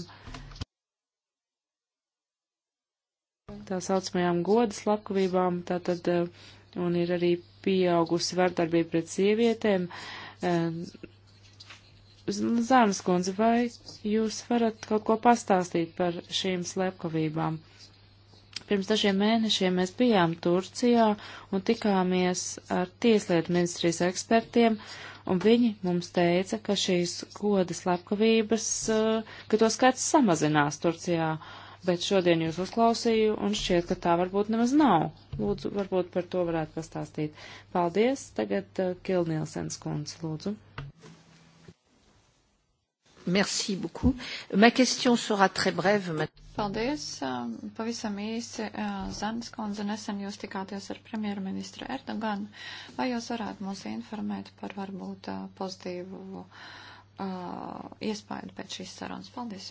Tā saucamajām godas labklībām, tātad uh, un ir arī pieaugusi vardarbība pret sievietēm. Zānas kundze, vai jūs varat kaut ko pastāstīt par šīm slepkavībām? Pirms dažiem mēnešiem mēs bijām Turcijā un tikāmies ar Tieslietu ministrijas ekspertiem, un viņi mums teica, ka šīs goda slepkavības, eh, ka to skaits samazinās Turcijā. Uh, bet šodien jūs uzklausīju un šķiet, ka tā varbūt nemaz nav. Lūdzu, varbūt par to varētu pastāstīt. Paldies. Tagad uh, eh, Kilnielsens kundze, lūdzu. Merci beaucoup. Ma question sera très brève. Paldies. Eh, pavisam īsi, eh, Zanis Konze, nesen jūs tikāties ar premjerministru Erdoganu. Vai jūs varētu mūs informēt par varbūt pozitīvu uh, iespēju pēc šīs sarunas? Paldies.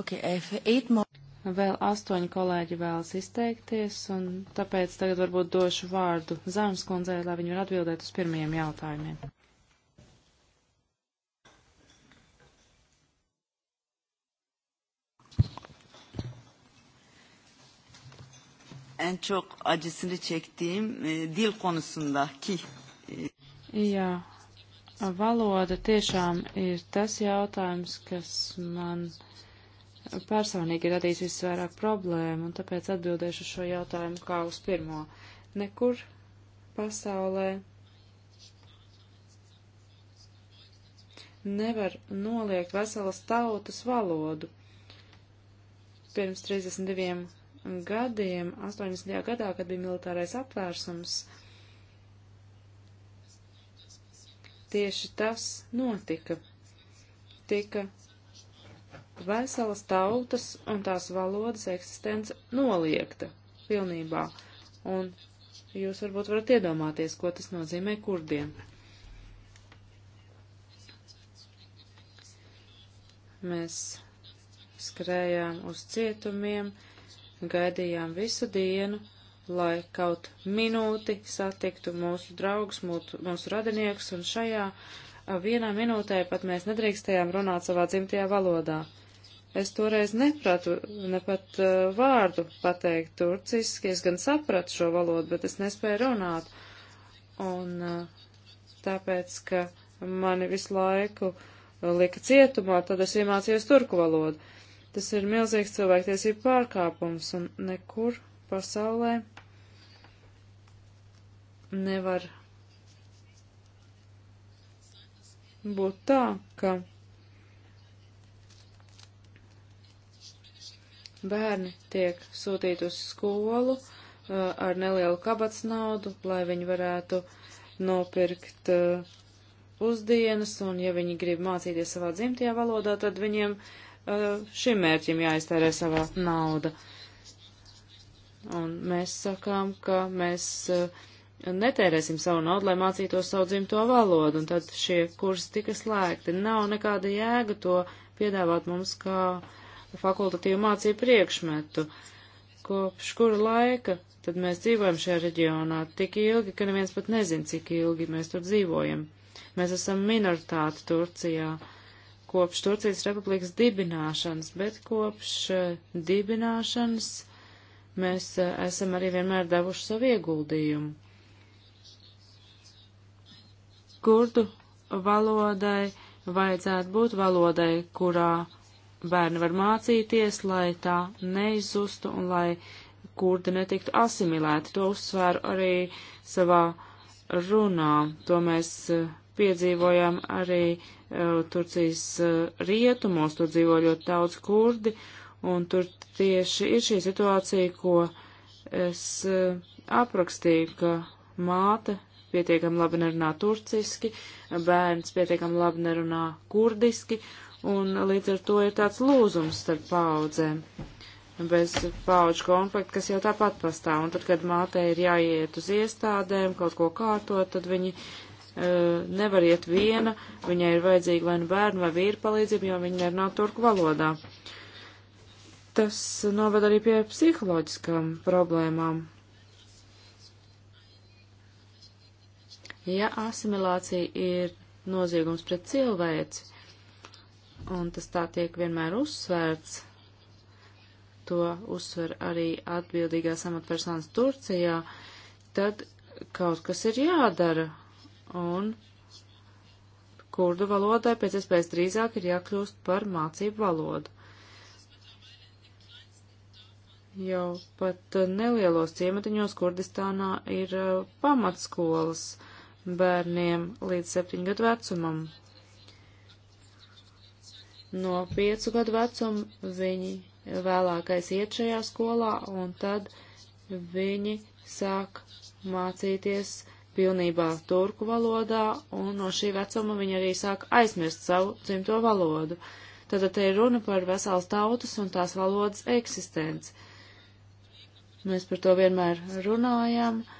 Okay, Vēl astoņi kolēģi vēlas izteikties, un tāpēc tagad varbūt došu vārdu Zāmas kundzei, lai viņi var atbildēt uz pirmajiem jautājumiem. en çok acısını çektiğim e, dil konusundaki. E, Jā, valoda tiešām ir tas jautājums, kas man personīgi radīs visvairāk problēmu, un tāpēc atbildēšu šo jautājumu kā uz pirmo. Nekur pasaulē nevar noliegt veselas tautas valodu. Pirms 32 gadiem, 80. gadā, kad bija militārais apvērsums, tieši tas notika. Tika veselas tautas un tās valodas eksistence noliekta pilnībā. Un jūs varbūt varat iedomāties, ko tas nozīmē kurdiem. Mēs skrējām uz cietumiem, gaidījām visu dienu, lai kaut minūti satiktu mūsu draugus, mūsu, mūsu radiniekus, un šajā vienā minūtē pat mēs nedrīkstējām runāt savā dzimtajā valodā. Es toreiz nepratu ne pat uh, eh, vārdu pateikt turciski, es gan sapratu šo valodu, bet es nespēju runāt. Un uh, tāpēc, ka mani visu laiku eh, lika cietumā, tad es iemācījos turku valodu. Tas ir milzīgs cilvēktiesību pārkāpums un nekur pasaulē nevar būt tā, ka Bērni tiek sūtīti uz skolu uh, ar nelielu kabats naudu, lai viņi varētu nopirkt uh, pusdienas, un ja viņi grib mācīties savā dzimtajā valodā, tad viņiem uh, šim mērķim jāiztērē savā nauda. Un mēs sakām, ka mēs uh, netērēsim savu naudu, lai mācītos savu dzimto valodu, un tad šie kursi tika slēgti. Nav nekāda jēga to piedāvāt mums kā uh, fakultatīvu mācību priekšmetu. Kopš kura laika tad mēs dzīvojam šajā reģionā tik ilgi, ka neviens pat nezin, cik ilgi mēs tur dzīvojam. Mēs esam minoritāte Turcijā kopš Turcijas republikas dibināšanas, bet kopš uh, dibināšanas mēs uh, esam arī vienmēr devuši savu ieguldījumu. Kurdu valodai vajadzētu būt valodai, kurā bērni var mācīties, lai tā neizzustu un lai kurdi netiktu asimilēti. To uzsvēru arī savā runā. To mēs eh, piedzīvojam arī uh, Turcijas uh, rietumos, tur dzīvo ļoti daudz kurdi, un tur tieši ir šī situācija, ko es uh, aprakstīju, ka māte pietiekami labi nerunā turciski, bērns pietiekami labi nerunā kurdiski, un līdz ar to ir tāds lūzums starp paudzēm bez paudžu konflikta, kas jau tāpat pastāv. Un tad, kad mātei ir jāiet uz iestādēm, kaut ko kārtot, tad viņi uh, nevar iet viena, viņai ir vajadzīga vai nu bērnu vai vīru palīdzība, jo viņa nerunā turku valodā. Tas noved arī pie psiholoģiskām problēmām. Ja asimilācija ir noziegums pret cilvēci, un tas tā tiek vienmēr uzsvērts. To uzsver arī atbildīgās amatpersonas Turcijā, tad kaut kas ir jādara, un kurdu valodai pēc iespējas drīzāk ir jākļūst par mācību valodu. Jau pat nelielos ciemetiņos Kurdistānā ir uh, pamatskolas bērniem līdz septiņu gadu vecumam, No piecu gadu vecuma viņi vēlākais iet šajā skolā, un tad viņi sāk mācīties pilnībā turku valodā, un no šī vecuma viņi arī sāk aizmirst savu dzimto valodu. Tātad te ir runa par veselas tautas un tās valodas eksistenci. Mēs par to vienmēr runājam. Uh,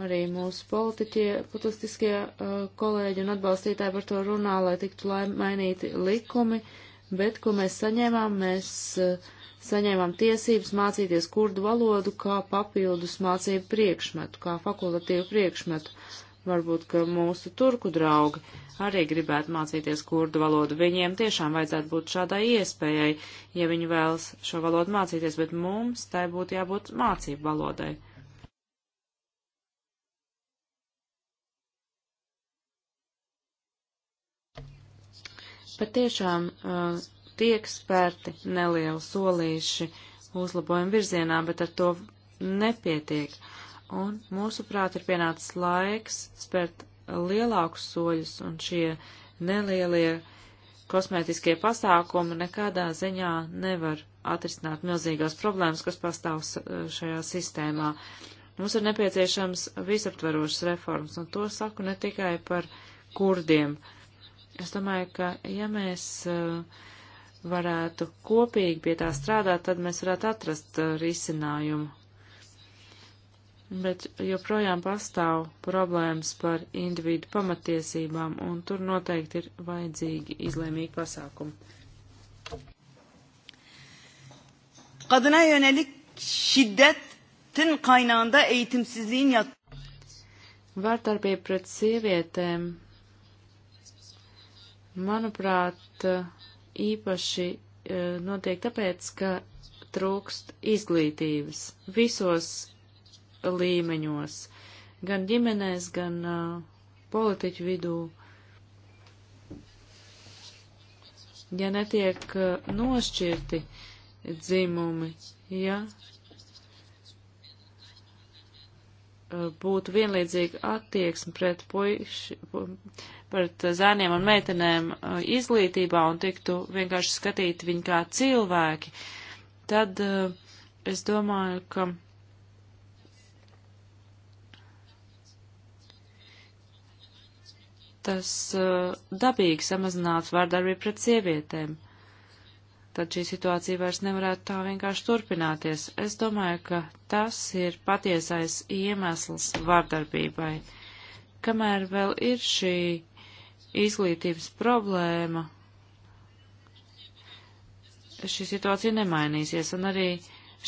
arī mūsu politiķie, politiskie uh, kolēģi un atbalstītāji par to runā, lai tiktu lai mainīti likumi, bet ko mēs saņēmām, mēs uh, saņēmām tiesības mācīties kurdu valodu kā papildus mācību priekšmetu, kā fakultatīvu priekšmetu. Varbūt, ka mūsu turku draugi arī gribētu mācīties kurdu valodu. Viņiem tiešām vajadzētu būt šādai iespējai, ja viņi vēlas šo valodu mācīties, bet mums tai būtu jābūt mācību valodai. patiešām uh, tiek spērti nelieli solīši uzlabojumu virzienā, bet ar to nepietiek. Un mūsuprāt ir pienācis laiks spērt lielākus soļus, un šie nelielie kosmētiskie pasākumi nekādā ziņā nevar atrisināt milzīgās problēmas, kas pastāv eh, šajā sistēmā. Mums ir nepieciešams visaptverošas reformas, un to saku ne tikai par kurdiem. Uh, Es domāju, ka ja mēs uh, varētu kopīgi pie tā strādāt, tad mēs varētu atrast uh, risinājumu. Bet joprojām pastāv problēmas par individu pamatiesībām, un tur noteikti ir vajadzīgi izlēmīgi pasākumi. Kadına yönelik şiddetin kaynağında eğitimsizliğin yat. Vardarbība pret sievietēm manuprāt, īpaši e, notiek tāpēc, ka trūkst izglītības visos līmeņos, gan ģimenēs, gan e, politiķu vidū. Ja netiek e, nošķirti dzimumi, ja būtu vienlīdzīga attieksme pret puiši, pret zēniem un meitenēm uh, izglītībā un tiktu vienkārši skatīti viņi kā cilvēki, tad uh, es domāju, ka tas uh, dabīgi samazinātu vārdarbību pret sievietēm. Tad šī situācija vairs nevarētu tā vienkārši turpināties. Es domāju, ka tas ir patiesais iemesls vārdarbībai. Kamēr vēl ir šī izglītības problēma, šī situācija nemainīsies. Un arī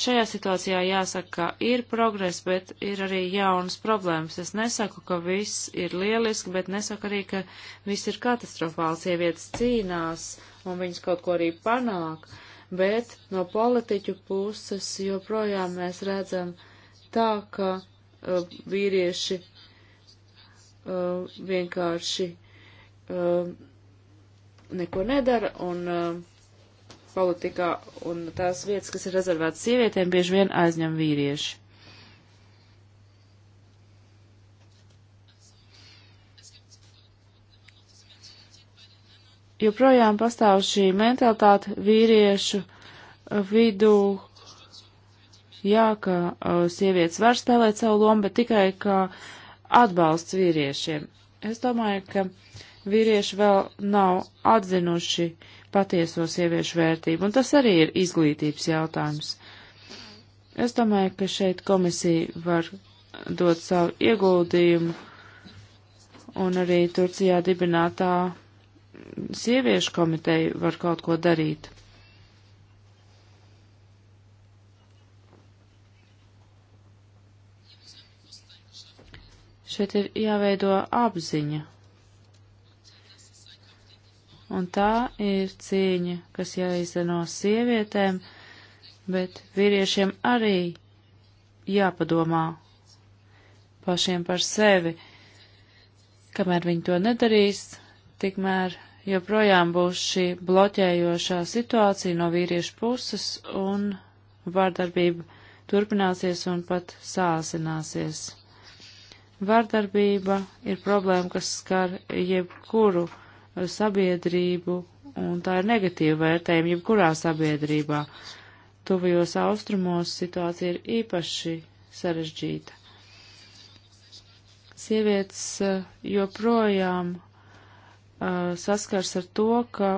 šajā situācijā jāsaka, ka ir progress, bet ir arī jaunas problēmas. Es nesaku, ka viss ir lieliski, bet nesaku arī, ka viss ir katastrofāls. Sievietes cīnās un viņas kaut ko arī panāk, bet no politiķu puses joprojām mēs redzam tā, ka uh, vīrieši uh, vienkārši uh, neko nedara un uh, politikā un tās vietas, kas ir rezervētas sievietēm, bieži vien aizņem vīrieši. Joprojām pastāv šī mentalitāte vīriešu vidū, jā, ka uh, sievietes var spēlēt savu lomu, bet tikai kā atbalsts vīriešiem. Es domāju, ka vīrieši vēl nav atzinuši patieso sieviešu vērtību, un tas arī ir izglītības jautājums. Es domāju, ka šeit komisija var dot savu ieguldījumu, un arī Turcijā dibinātā sieviešu komiteja var kaut ko darīt. Šeit ir jāveido apziņa un tā ir cīņa, kas jāizteno sievietēm, bet vīriešiem arī jāpadomā pašiem par sevi. Kamēr viņi to nedarīs, tikmēr joprojām būs šī bloķējošā situācija no vīriešu puses un vārdarbība turpināsies un pat sāsināsies. Vārdarbība ir problēma, kas skar jebkuru sabiedrību, un tā ir negatīva vērtējuma jebkurā sabiedrībā. Tuvajos austrumos situācija ir īpaši sarežģīta. Sievietes eh, joprojām eh, saskars ar to, ka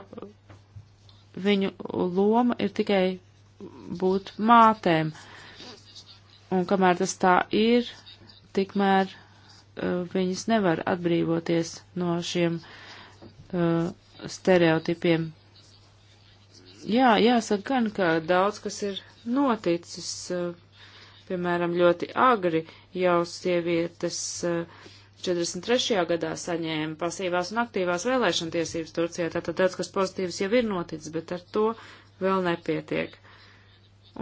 viņu loma ir tikai būt mātēm. Un kamēr tas tā ir, tikmēr uh, viņas nevar atbrīvoties no šiem uh, stereotipiem. Jā, jāsaka gan, ka daudz kas ir noticis, uh, piemēram, ļoti agri jau sievietes uh, 43. gadā saņēma pasīvās un aktīvās vēlēšana tiesības Turcijā, tātad daudz kas pozitīvs jau ir noticis, bet ar to vēl nepietiek.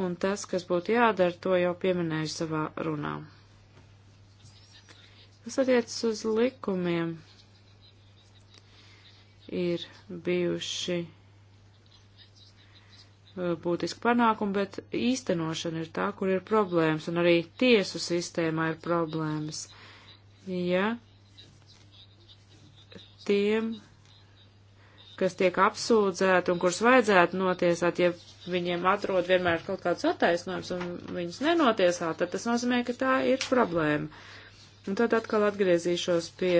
Un tas, kas būtu jādara, to jau pieminēju savā runā. Kas attiecas uz likumiem? ir bijuši uh, būtiski panākumi, bet īstenošana ir tā, kur ir problēmas, un arī tiesu sistēmā ir problēmas. Ja tiem, kas tiek apsūdzēti un kurus vajadzētu notiesāt, ja viņiem atrod vienmēr kaut kāds attaisnojums un viņus nenotiesā, tad tas nozīmē, ka tā ir problēma. Un tad atkal atgriezīšos pie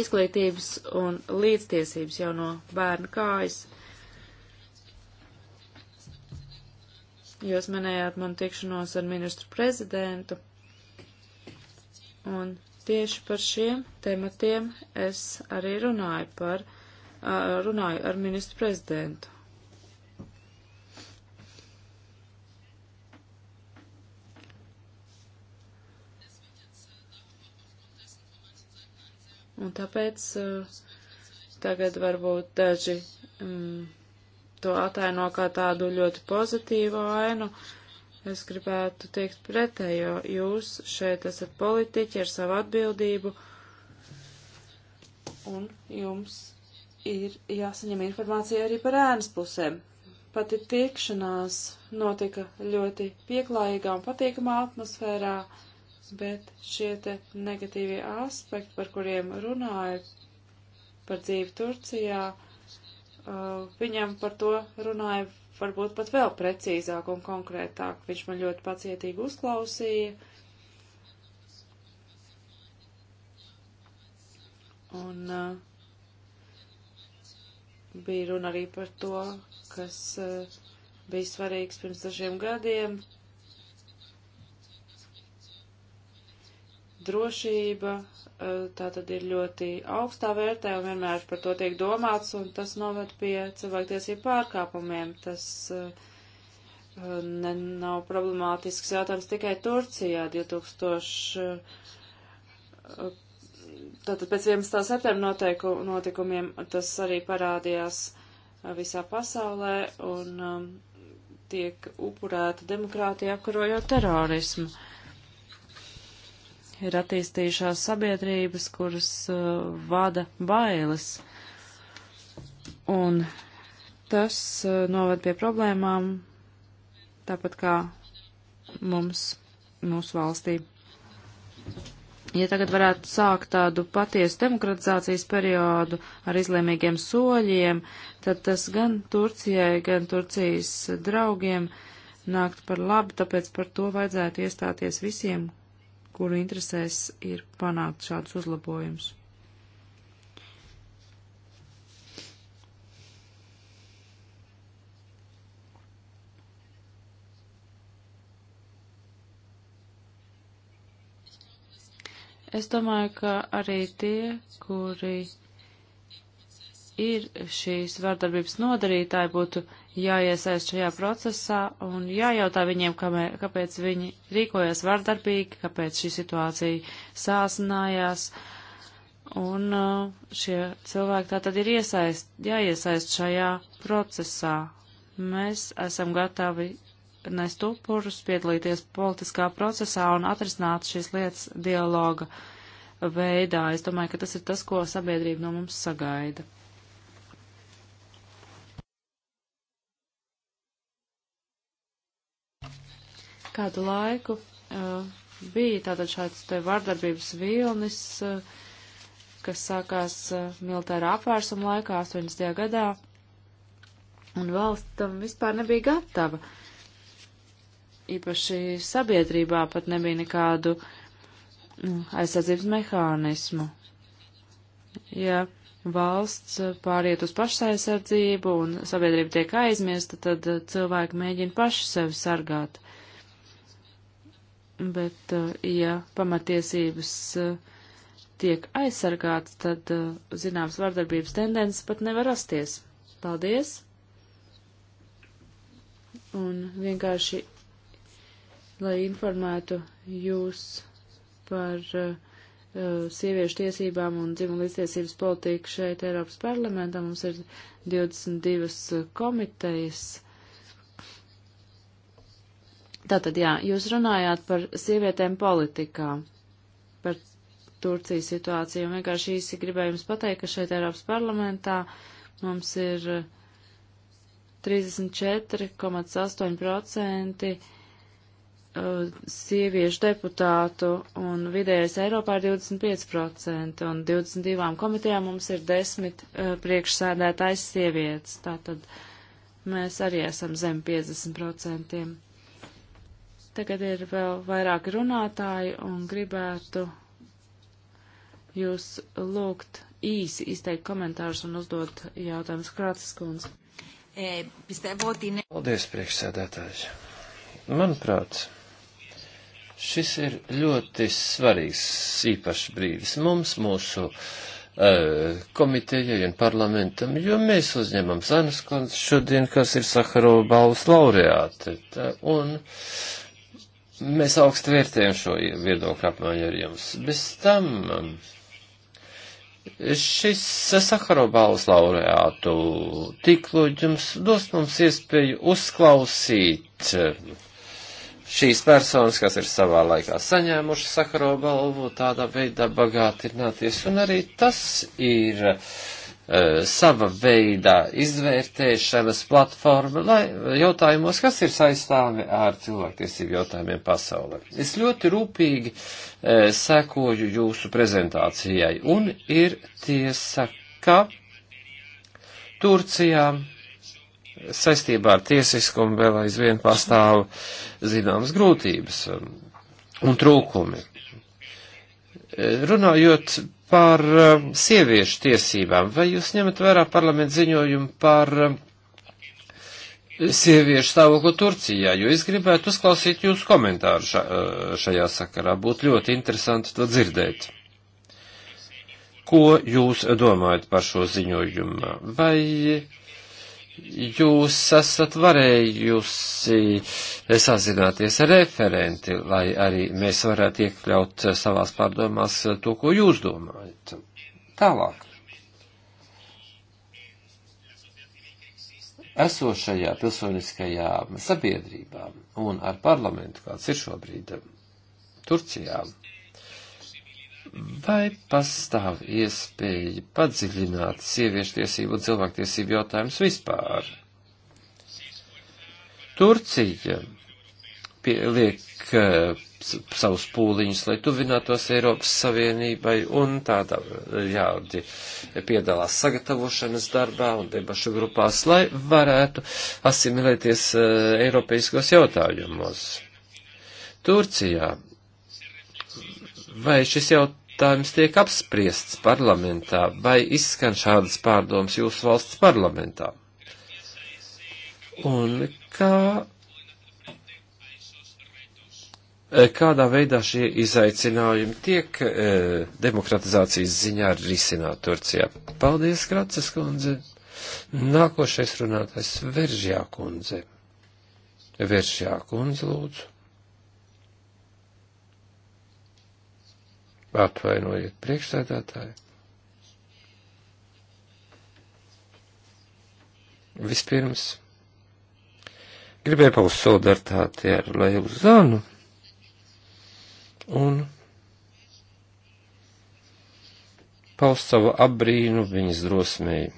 izglītības un līdztiesības jau no bērna kājas. Jūs minējāt manu tikšanos ar ministru prezidentu, un tieši par šiem tematiem es arī runāju, par, runāju ar ministru prezidentu. Un tāpēc uh, tagad varbūt daži um, to ataino kā tādu ļoti pozitīvu ainu. Es gribētu teikt pretējo. Jūs šeit esat politiķi ar savu atbildību un jums ir jāsaņem informācija arī par ēnas pusēm. Pati tikšanās notika ļoti pieklājīgā un patīkamā atmosfērā. Uh, bet šie te negatīvie aspekti, par kuriem runāja par dzīvi Turcijā, uh, viņam par to runāja varbūt pat vēl precīzāk un konkrētāk. Viņš man ļoti pacietīgi uzklausīja. Un uh, bija runa arī par to, kas uh, bija svarīgs pirms dažiem gadiem, drošība eh, tā tad ir ļoti augstā vērtē un vienmēr par to tiek domāts, un tas noved pie cilvēktiesību pārkāpumiem. Tas eh, ne, nav problemātisks jautājums tikai Turcijā 2000. Eh, tātad pēc 11. septembra notikumiem tas arī parādījās visā pasaulē un um, tiek upurēta demokrātija apkarojot terorismu. Uh, Ir attīstījušās sabiedrības, kuras uh, vada bailes. Un tas uh, noved pie problēmām, tāpat kā mums, mūsu valstī. Ja tagad varētu sākt tādu patiesu demokratizācijas periodu ar izlēmīgiem soļiem, tad tas gan Turcijai, gan Turcijas draugiem nākt par labu, tāpēc par to vajadzētu iestāties visiem kuru interesēs ir panākt šādus uzlabojumus. Es domāju, ka arī tie, kuri ir šīs vardarbības nodarītāji, būtu jāiesaist šajā procesā un jājautā viņiem, kamē, kāpēc viņi rīkojas vardarbīgi, kāpēc šī situācija sāsinājās. Un uh, šie cilvēki tā tad ir iesaist, jāiesaist šajā procesā. Mēs esam gatavi nest upurus, piedalīties politiskā procesā un atrisināt šīs lietas dialoga veidā. Es domāju, ka tas ir tas, ko sabiedrība no mums sagaida. Kādu laiku uh, bija tātad šāds te vardarbības vilnis, uh, kas sākās uh, eh, militāra apvērsuma laikā 80. gadā, un valsts tam vispār nebija gatava. Īpaši sabiedrībā pat nebija nekādu mm, aizsardzības mehānismu. Ja valsts pāriet uz pašaizsardzību un sabiedrība tiek aizmirsta, tad cilvēki mēģina paši sevi sargāt bet uh, ja pamatiesības uh, tiek aizsargāts, tad uh, zināms vardarbības tendences pat nevar rasties. Paldies! Un vienkārši, lai informētu jūs par uh, sieviešu tiesībām un dzimumu līdztiesības politiku šeit Eiropas parlamentā, mums ir 22 komitejas Tātad, jā, jūs runājāt par sievietēm politikā, par Turcijas situāciju, un vienkārši īsi gribēju jums pateikt, ka šeit Eiropas parlamentā mums ir 34,8% eh, eh, sieviešu deputātu, un vidējais Eiropā ir 25%, un 22 komitejām mums ir 10 uh, eh, priekšsēdētājs sievietes, tātad mēs arī esam zem 50%. Tagad ir vēl vairāk runātāji un gribētu jūs lūgt īsi izteikt komentārus un uzdot jautājumus Krācis kundze. Eh, Paldies, priekšsēdētājs. Manuprāt, šis ir ļoti svarīgs īpašs brīdis mums, mūsu eh, komitejai un parlamentam, jo mēs uzņemam Zanas kundzi šodien, kas ir Sakarova balvas laureāte. Un Mēs augstu vērtējam šo viedokļu apmaiņu ar jums. Bez tam um, šis Sakarobalas laureātu tikloģums dos mums iespēju uzklausīt um, šīs personas, kas ir savā laikā saņēmuši Sakarobalvu, tādā veidā bagātināties, un arī tas ir uh, E, sava veida izvērtēšanas platforma lai, jautājumos, kas ir saistāmi ar cilvēktiesību jautājumiem pasaulē. Es ļoti rūpīgi e, sekoju jūsu prezentācijai un ir tiesa, ka Turcijā saistībā ar tiesiskumu vēl aizvien pastāv zināmas grūtības un trūkumi e, runājot par eh, sieviešu tiesībām. Vai jūs ņemat vērā parlamentu ziņojumu par eh, sieviešu stāvokli Turcijā, jo es gribētu uzklausīt jūsu komentāru ša, eh, šajā sakarā. Būtu ļoti interesanti to dzirdēt. Ko jūs domājat par šo ziņojumu? Vai jūs esat varējusi sazināties ar referenti, lai arī mēs varētu iekļaut savās pārdomās to, ko jūs domājat. Tālāk. Esošajā pilsoniskajā sabiedrībā un ar parlamentu, kāds ir šobrīd Turcijā, Vai pastāv iespēja padziļināt sieviešu tiesību un cilvēktiesību jautājumus vispār? Turcija liek uh, savus pūliņus, lai tuvinātos Eiropas Savienībai, un tādā uh, jādi piedalās sagatavošanas darbā un debašu grupās, lai varētu asimilēties uh, Eiropeiskos jautājumos. Turcijā vai šis jautājums jautājums tiek apspriests parlamentā, vai izskan šādas pārdomas jūsu valsts parlamentā? Un kā, kādā veidā šie izaicinājumi tiek e, demokratizācijas ziņā risināt Turcijā? Paldies, Kraces kundze! Nākošais runātājs Veržjā kundze. Veržjā kundze, lūdzu. Atvainojiet, priekšsēdētāji. Vispirms gribēju paust solidaritāti ar Leilu Zanu un paust savu apbrīnu viņas drosmēji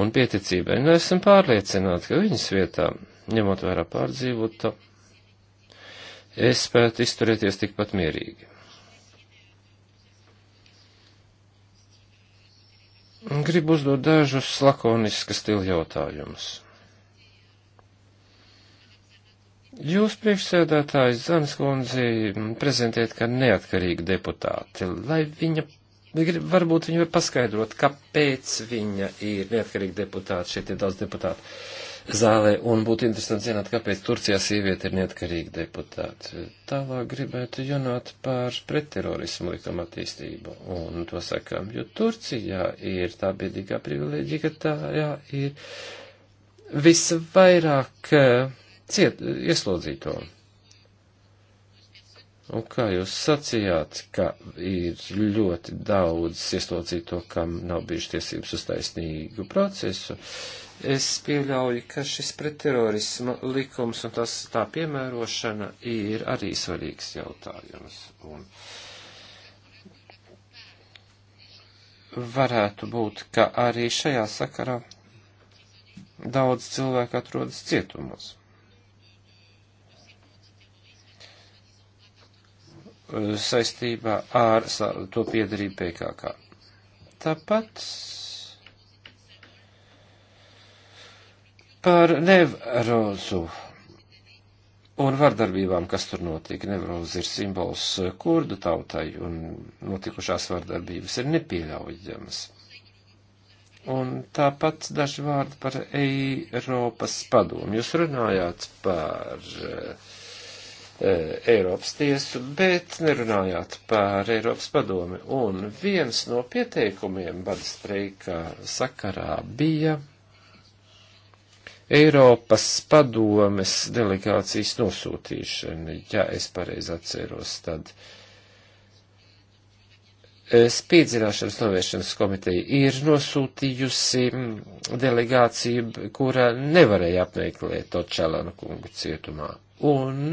un pieticībai. Nu, esam pārliecināti, ka viņas vietā, ņemot vērā pārdzīvotu, es spētu izturēties tikpat mierīgi. Gribu uzdot dažus lakoniska stila jautājumus. Jūs priekšsēdētājs Zanas kundzi prezentējat kā neatkarīgu deputāti, lai viņa, varbūt viņa var paskaidrot, kāpēc viņa ir neatkarīga deputāta, šeit ir daudz deputātu zālē, un būtu interesanti zināt, kāpēc Turcijā sieviete ir neatkarīga deputāte. Tālāk gribētu runāt par pretterorismu likuma attīstību, un to sakām, jo Turcijā ir tā biedīgā privilēģija, ka tā jā, ir visvairāk eh, ciet, ieslodzīto. Un kā jūs sacījāt, ka ir ļoti daudz ieslodzīto, kam nav bijuši tiesības uz taisnīgu procesu, Es pieļauju, ka šis pretterorisma likums un tas, tā piemērošana ir arī svarīgs jautājums. Un varētu būt, ka arī šajā sakarā daudz cilvēku atrodas cietumos. saistībā ar to piedarību PKK. Tāpat Par nevrozu un vardarbībām, kas tur notika. Nevrozi ir simbols kurdu tautai, un notikušās vardarbības ir nepieļaujamas. Un tāpat daži vārdi par Eiropas padomu. Jūs runājāt par uh, Eiropas tiesu, bet nerunājāt par Eiropas padomi. Un viens no pieteikumiem bada streika sakarā bija Eiropas padomes delegācijas nosūtīšana, ja es pareizi atceros, tad spīdzināšanas novēršanas komiteja ir nosūtījusi delegāciju, kura nevarēja apmeklēt Očelanu kungu cietumā. Un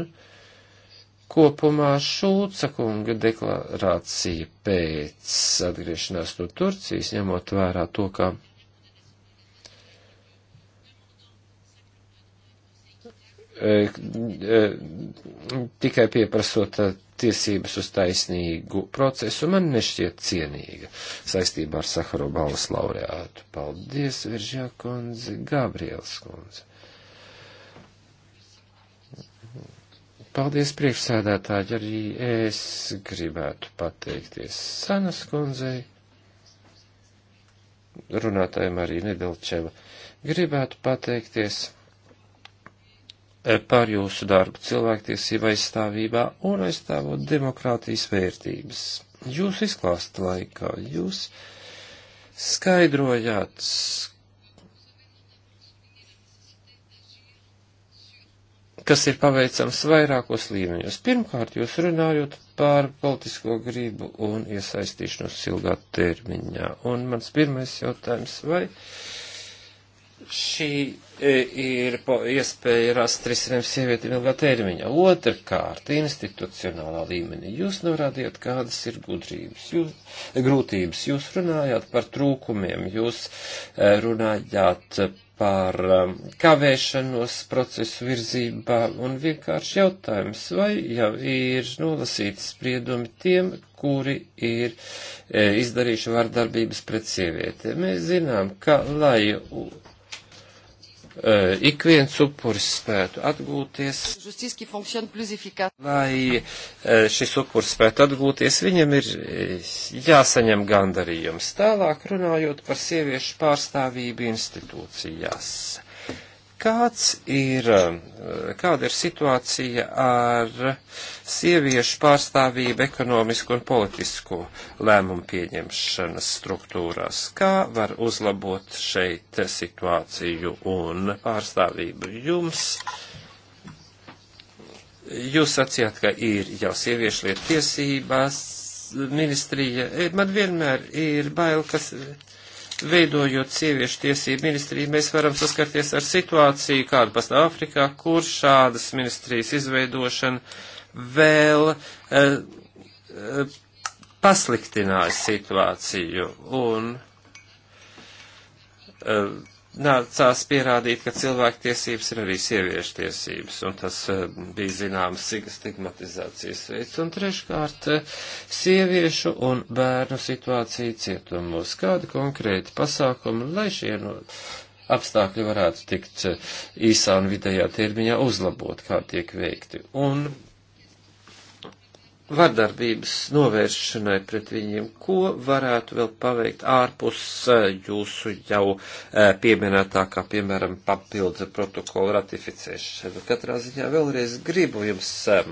kopumā Šulca kunga deklarācija pēc atgriešanās no Turcijas, ņemot vērā to, ka Eh, eh, tikai pieprasot eh, tiesības uz taisnīgu procesu, man nešķiet cienīga saistībā ar Sakaro balvas laureātu. Paldies, Viržā kundze, Gabriels kundze. Paldies, priekšsēdētāji, arī es gribētu pateikties Sanas kundzei, runātājiem arī Nedelčeva. Gribētu pateikties Eh, par jūsu darbu cilvēktiesību aizstāvībā un aizstāvot demokrātijas vērtības. Jūs izklāsta laikā, jūs skaidrojāt, kas ir paveicams vairākos līmeņos. Pirmkārt, jūs runājot par politisko gribu un iesaistīšanos ilgā termiņā. Un mans pirmais jautājums, vai šī e, ir iespēja rast risinājumu sievietēm ilgā termiņā. Otrkārt, institucionālā līmenī. Jūs norādījāt, kādas ir gudrības, jūs, grūtības. Jūs runājāt par trūkumiem, jūs e, runājāt par e, kavēšanos procesu virzībā un vienkārši jautājums, vai jau ir nolasīti spriedumi tiem, kuri ir izdarījuši vardarbības pret sievietēm. Mēs zinām, ka lai Eh, ik viens upuris spētu atgūties, lai eh, šis upuris spētu atgūties, viņam ir eh, jāsaņem gandarījums. Tālāk runājot par sieviešu pārstāvību institūcijās. Kāds ir, eh, kāda ir situācija ar sieviešu pārstāvību ekonomisko un politisko lēmumu pieņemšanas struktūrās? Kā var uzlabot šeit situāciju un pārstāvību jums? Jūs sacījāt, ka ir jau sieviešu lietu tiesībās ministrija. Eh, man vienmēr ir bail, kas veidojot sieviešu tiesību ministriju, mēs varam saskarties ar situāciju, kāda pastāv Āfrikā, kur šādas ministrijas izveidošana vēl e, e, pasliktināja situāciju. Un, e, nācās pierādīt, ka cilvēktiesības ir arī sieviešu tiesības, un tas eh, bija zināms stigmatizācijas veids. Un treškārt, eh, sieviešu un bērnu situācija cietumos. Kādi konkrēti pasākumi, lai šie no nu, apstākļi varētu tikt eh, īsā un vidējā termiņā uzlabot, kā tiek veikti. Un vardarbības novēršanai pret viņiem, ko varētu vēl paveikt ārpus eh, jūsu jau eh, pieminētā, kā piemēram, papildu protokolu ratificēšanu. Katrā ziņā vēlreiz gribu jums eh,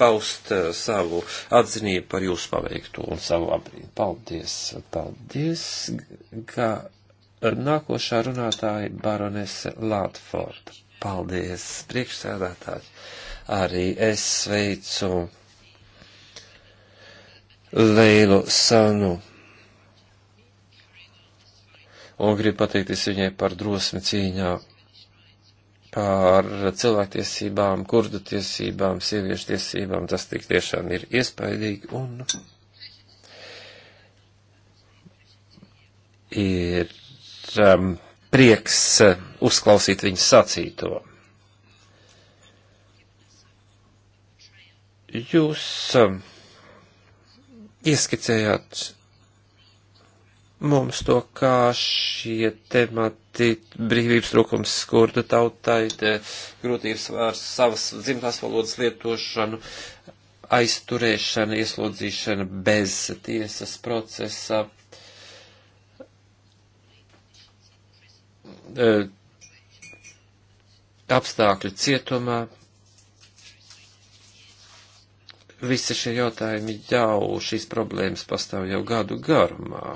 paust savu atzinību par jūsu paveikto un savu abrīnu. Paldies, paldies, ka nākošā runātāja baronese Lātforda. Paldies, priekšsēdētāji. Arī es sveicu Leilu Sanu. Un gribu pateikties viņai par drosmi cīņā par cilvēktiesībām, kurdu tiesībām, sieviešu tiesībām. Tas tik tiešām ir iespaidīgi un ir um, prieks uh, uzklausīt viņas sacīto. Jūs um, ieskicējāt mums to, kā šie temati brīvības trūkums skurda tautai, grūtības ar savas dzimtās valodas lietošanu, aizturēšana, ieslodzīšana bez tiesas procesa. E, Apstākļi cietumā, Visi šie jautājumi jau šīs problēmas pastāv jau gadu garumā.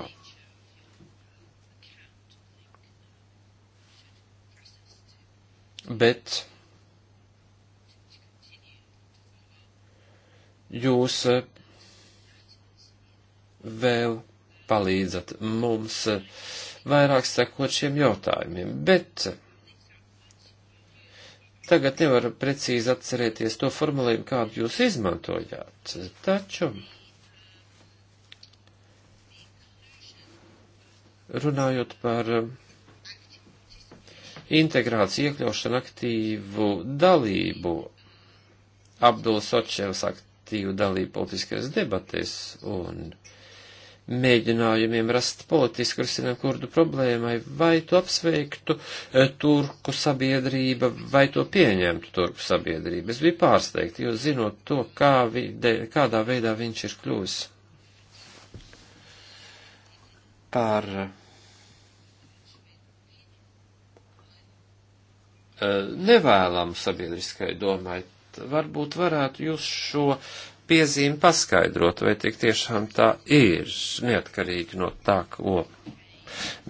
Bet jūs eh, vēl palīdzat mums eh, vairāk sekot šiem jautājumiem. Bet Tagad nevaru precīzi atcerēties to formulējumu, kādu jūs izmantojāt, taču runājot par um, integrāciju, iekļaušanu, aktīvu dalību, Abduls Očevs aktīvu dalību politiskajās debatēs un mēģinājumiem rast politisku risinājumu kurdu problēmai, vai to apsveiktu eh, turku sabiedrība, vai to pieņemtu turku sabiedrība. Es biju pārsteigts, jo zinot to, kā vi, de, kādā veidā viņš ir kļuvis par eh, nevēlamu sabiedriskai domai. Varbūt varētu jūs šo piezīmi paskaidrot, vai tik tiešām tā ir, neatkarīgi no tā, ko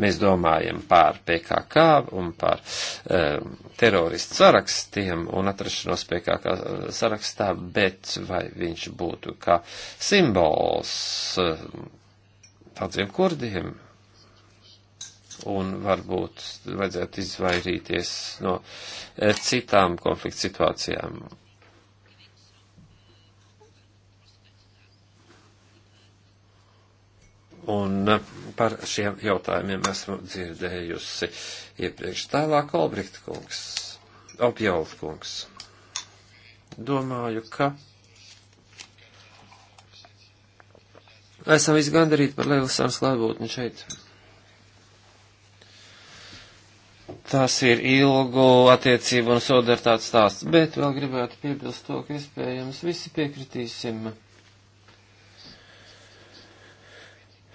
mēs domājam pār PKK un pār um, eh, teroristu sarakstiem un atrašanos PKK eh, sarakstā, bet vai viņš būtu kā simbols eh, um, tādiem kurdiem. Un varbūt vajadzētu izvairīties no citām konflikts situācijām Un eh, par šiem jautājumiem esmu dzirdējusi iepriekš. Tālāk Olbrikt kungs, Opjolf kungs. Domāju, ka esam izgandarīti par Lielisānas klātbūtni šeit. Tas ir ilgu attiecību un solidaritātes stāsts, bet vēl gribētu piebilst to, ka iespējams visi piekritīsim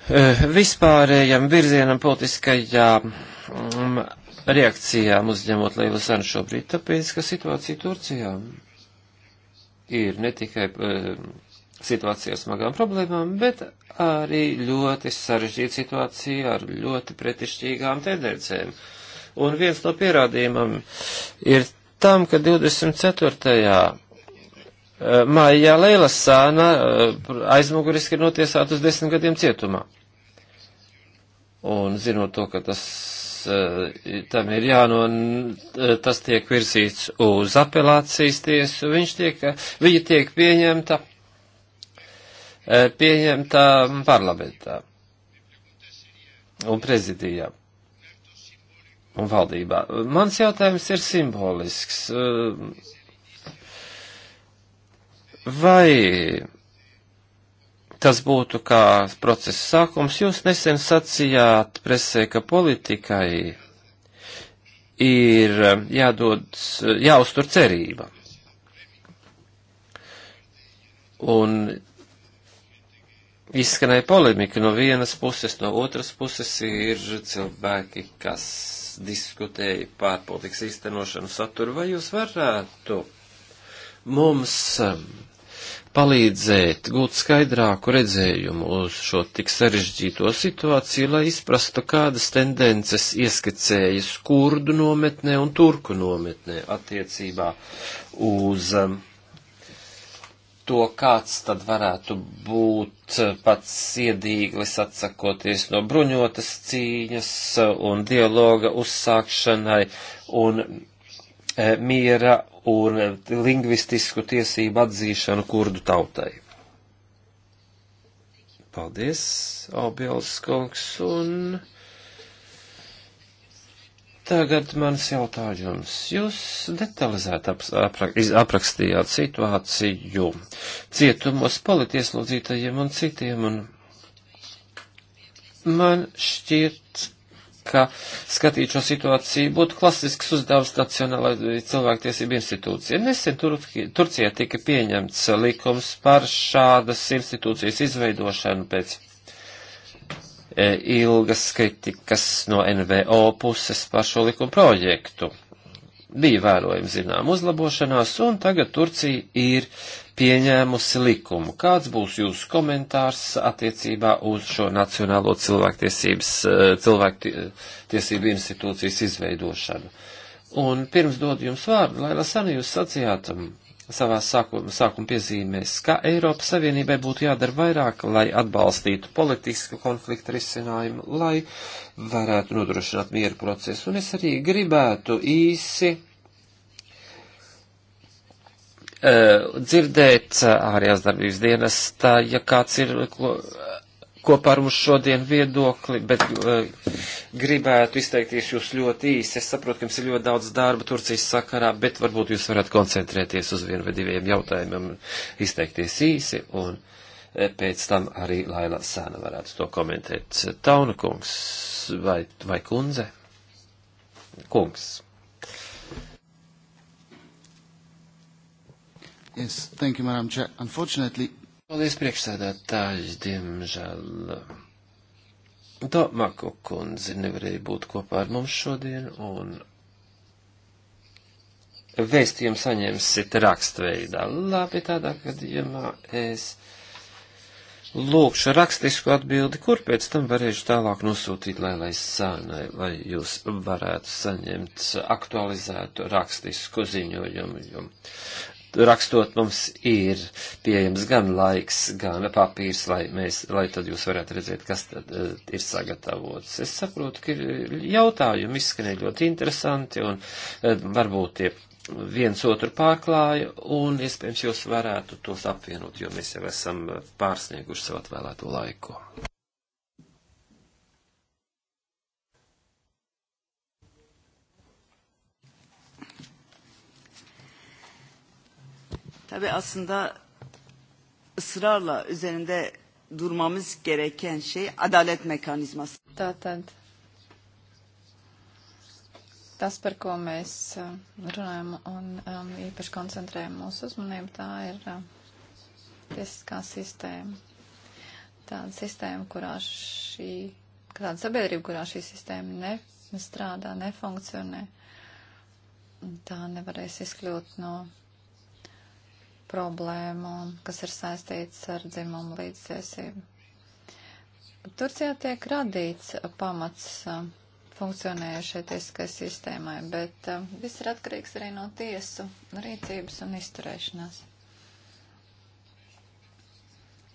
Eh, vispārējam virzienam politiskajām mm, reakcijām uzņemot Leilu Sanu šobrīd, tāpēc, ka situācija Turcijā ir ne tikai eh, situācijā smagām problēmām, bet arī ļoti sarežģīta situācija ar ļoti pretišķīgām tendencēm. Un viens no pierādījumam ir tam, ka 24. Eh, Maijā Leilas Sāna eh, aizmuguriski ir notiesāta uz desmit gadiem cietumā. Un zinot to, ka tas, eh, tam ir jānon, tas tiek virzīts uz apelācijas tiesu, viņš tiek, viņa tiek pieņemta, pieņemta parlamentā un prezidijā un valdībā. Mans jautājums ir simbolisks. Uh, Vai tas būtu kā procesa sākums? Jūs nesen sacījāt presē, ka politikai ir jādod, jāuztur cerība. Un izskanēja polemika no vienas puses, no otras puses ir cilvēki, kas diskutēja par politikas īstenošanu saturu. Vai jūs varētu mums um, palīdzēt gūt skaidrāku redzējumu uz šo tik sarežģīto situāciju, lai izprastu, kādas tendences ieskicējas kurdu nometnē un turku nometnē attiecībā uz um, to, kāds tad varētu būt pats iedīglis atsakoties no bruņotas cīņas un dialoga uzsākšanai un eh, miera un lingvistisku tiesību atzīšanu kurdu tautai. Paldies, Obils kungs, un tagad mans jautājums. Jūs detalizēti ap, aprak, aprakstījāt situāciju cietumos politieslodzītajiem un citiem, un man šķiet, ka skatīt šo situāciju būtu klasisks uzdevums Nacionālajai cilvēktiesību institūcijai. Nesen Turcijā tika pieņemts likums par šādas institūcijas izveidošanu pēc e, ilgas kritikas no NVO puses par šo likumu projektu bija vērojama zinām uzlabošanās, un tagad Turcija ir pieņēmusi likumu. Kāds būs jūsu komentārs attiecībā uz šo Nacionālo cilvēktiesības, eh, cilvēktiesību institūcijas izveidošanu? Un pirms dodu jums vārdu, lai Lasani jūs sacījāt um, savā sākuma, sākuma piezīmēs, ka Eiropas Savienībai būtu jādara vairāk, lai atbalstītu politisku konfliktu risinājumu, lai varētu nodrošināt mieru procesu. Un es arī gribētu īsi Eh, dzirdēt eh, ārējās darbības dienas, tā, ja kāds ir kopā ar mums šodien viedokli, bet uh, gribētu izteikties jūs ļoti īsi. Es saprotu, ka jums ir ļoti daudz darba Turcijas sakarā, bet varbūt jūs varat koncentrēties uz vienu vai diviem jautājumiem, izteikties īsi, un pēc tam arī Laila Sēna varētu to komentēt. Tauna kungs vai, vai kundze? Kungs. Yes, thank you, Madam Chair. Unfortunately. Paldies priekšsēdētāji, diemžēl. Domāko kundze nevarēja būt kopā ar mums šodien, un vēstījumu saņemsit rakstveidā. Labi, tādā gadījumā es lūkšu rakstisku atbildi, kur pēc tam varēšu tālāk nosūtīt Lēlai Sānai, lai jūs varētu saņemt aktualizētu rakstisku ziņojumu rakstot mums ir pieejams gan laiks, gan papīrs, lai, mēs, lai tad jūs varētu redzēt, kas tad uh, ir sagatavots. Es saprotu, ka ir jautājumi izskanēja ļoti interesanti un uh, varbūt tie viens otru pārklāja un iespējams jūs varētu tos apvienot, jo mēs jau esam eh, pārsnieguši savu atvēlēto laiku. Tabii aslında ısrarla üzerinde durmamız gereken şey adalet mekanizması. Tātad tas, par ko mēs uh, runājam un um, īpaši koncentrējam mūsu uzmanību, tā ir uh, tiesiskā sistēma. Tāda sistēma, kurā šī, tāda sabiedrība, kurā šī sistēma nestrādā, nefunkcionē, tā nevarēs izkļūt no problēmu, kas ir saistīts ar dzimumu līdztiesību. Turcijā tiek radīts pamats uh, funkcionējušai tiesiskai sistēmai, bet uh, viss ir atkarīgs arī no tiesu rīcības un izturēšanās.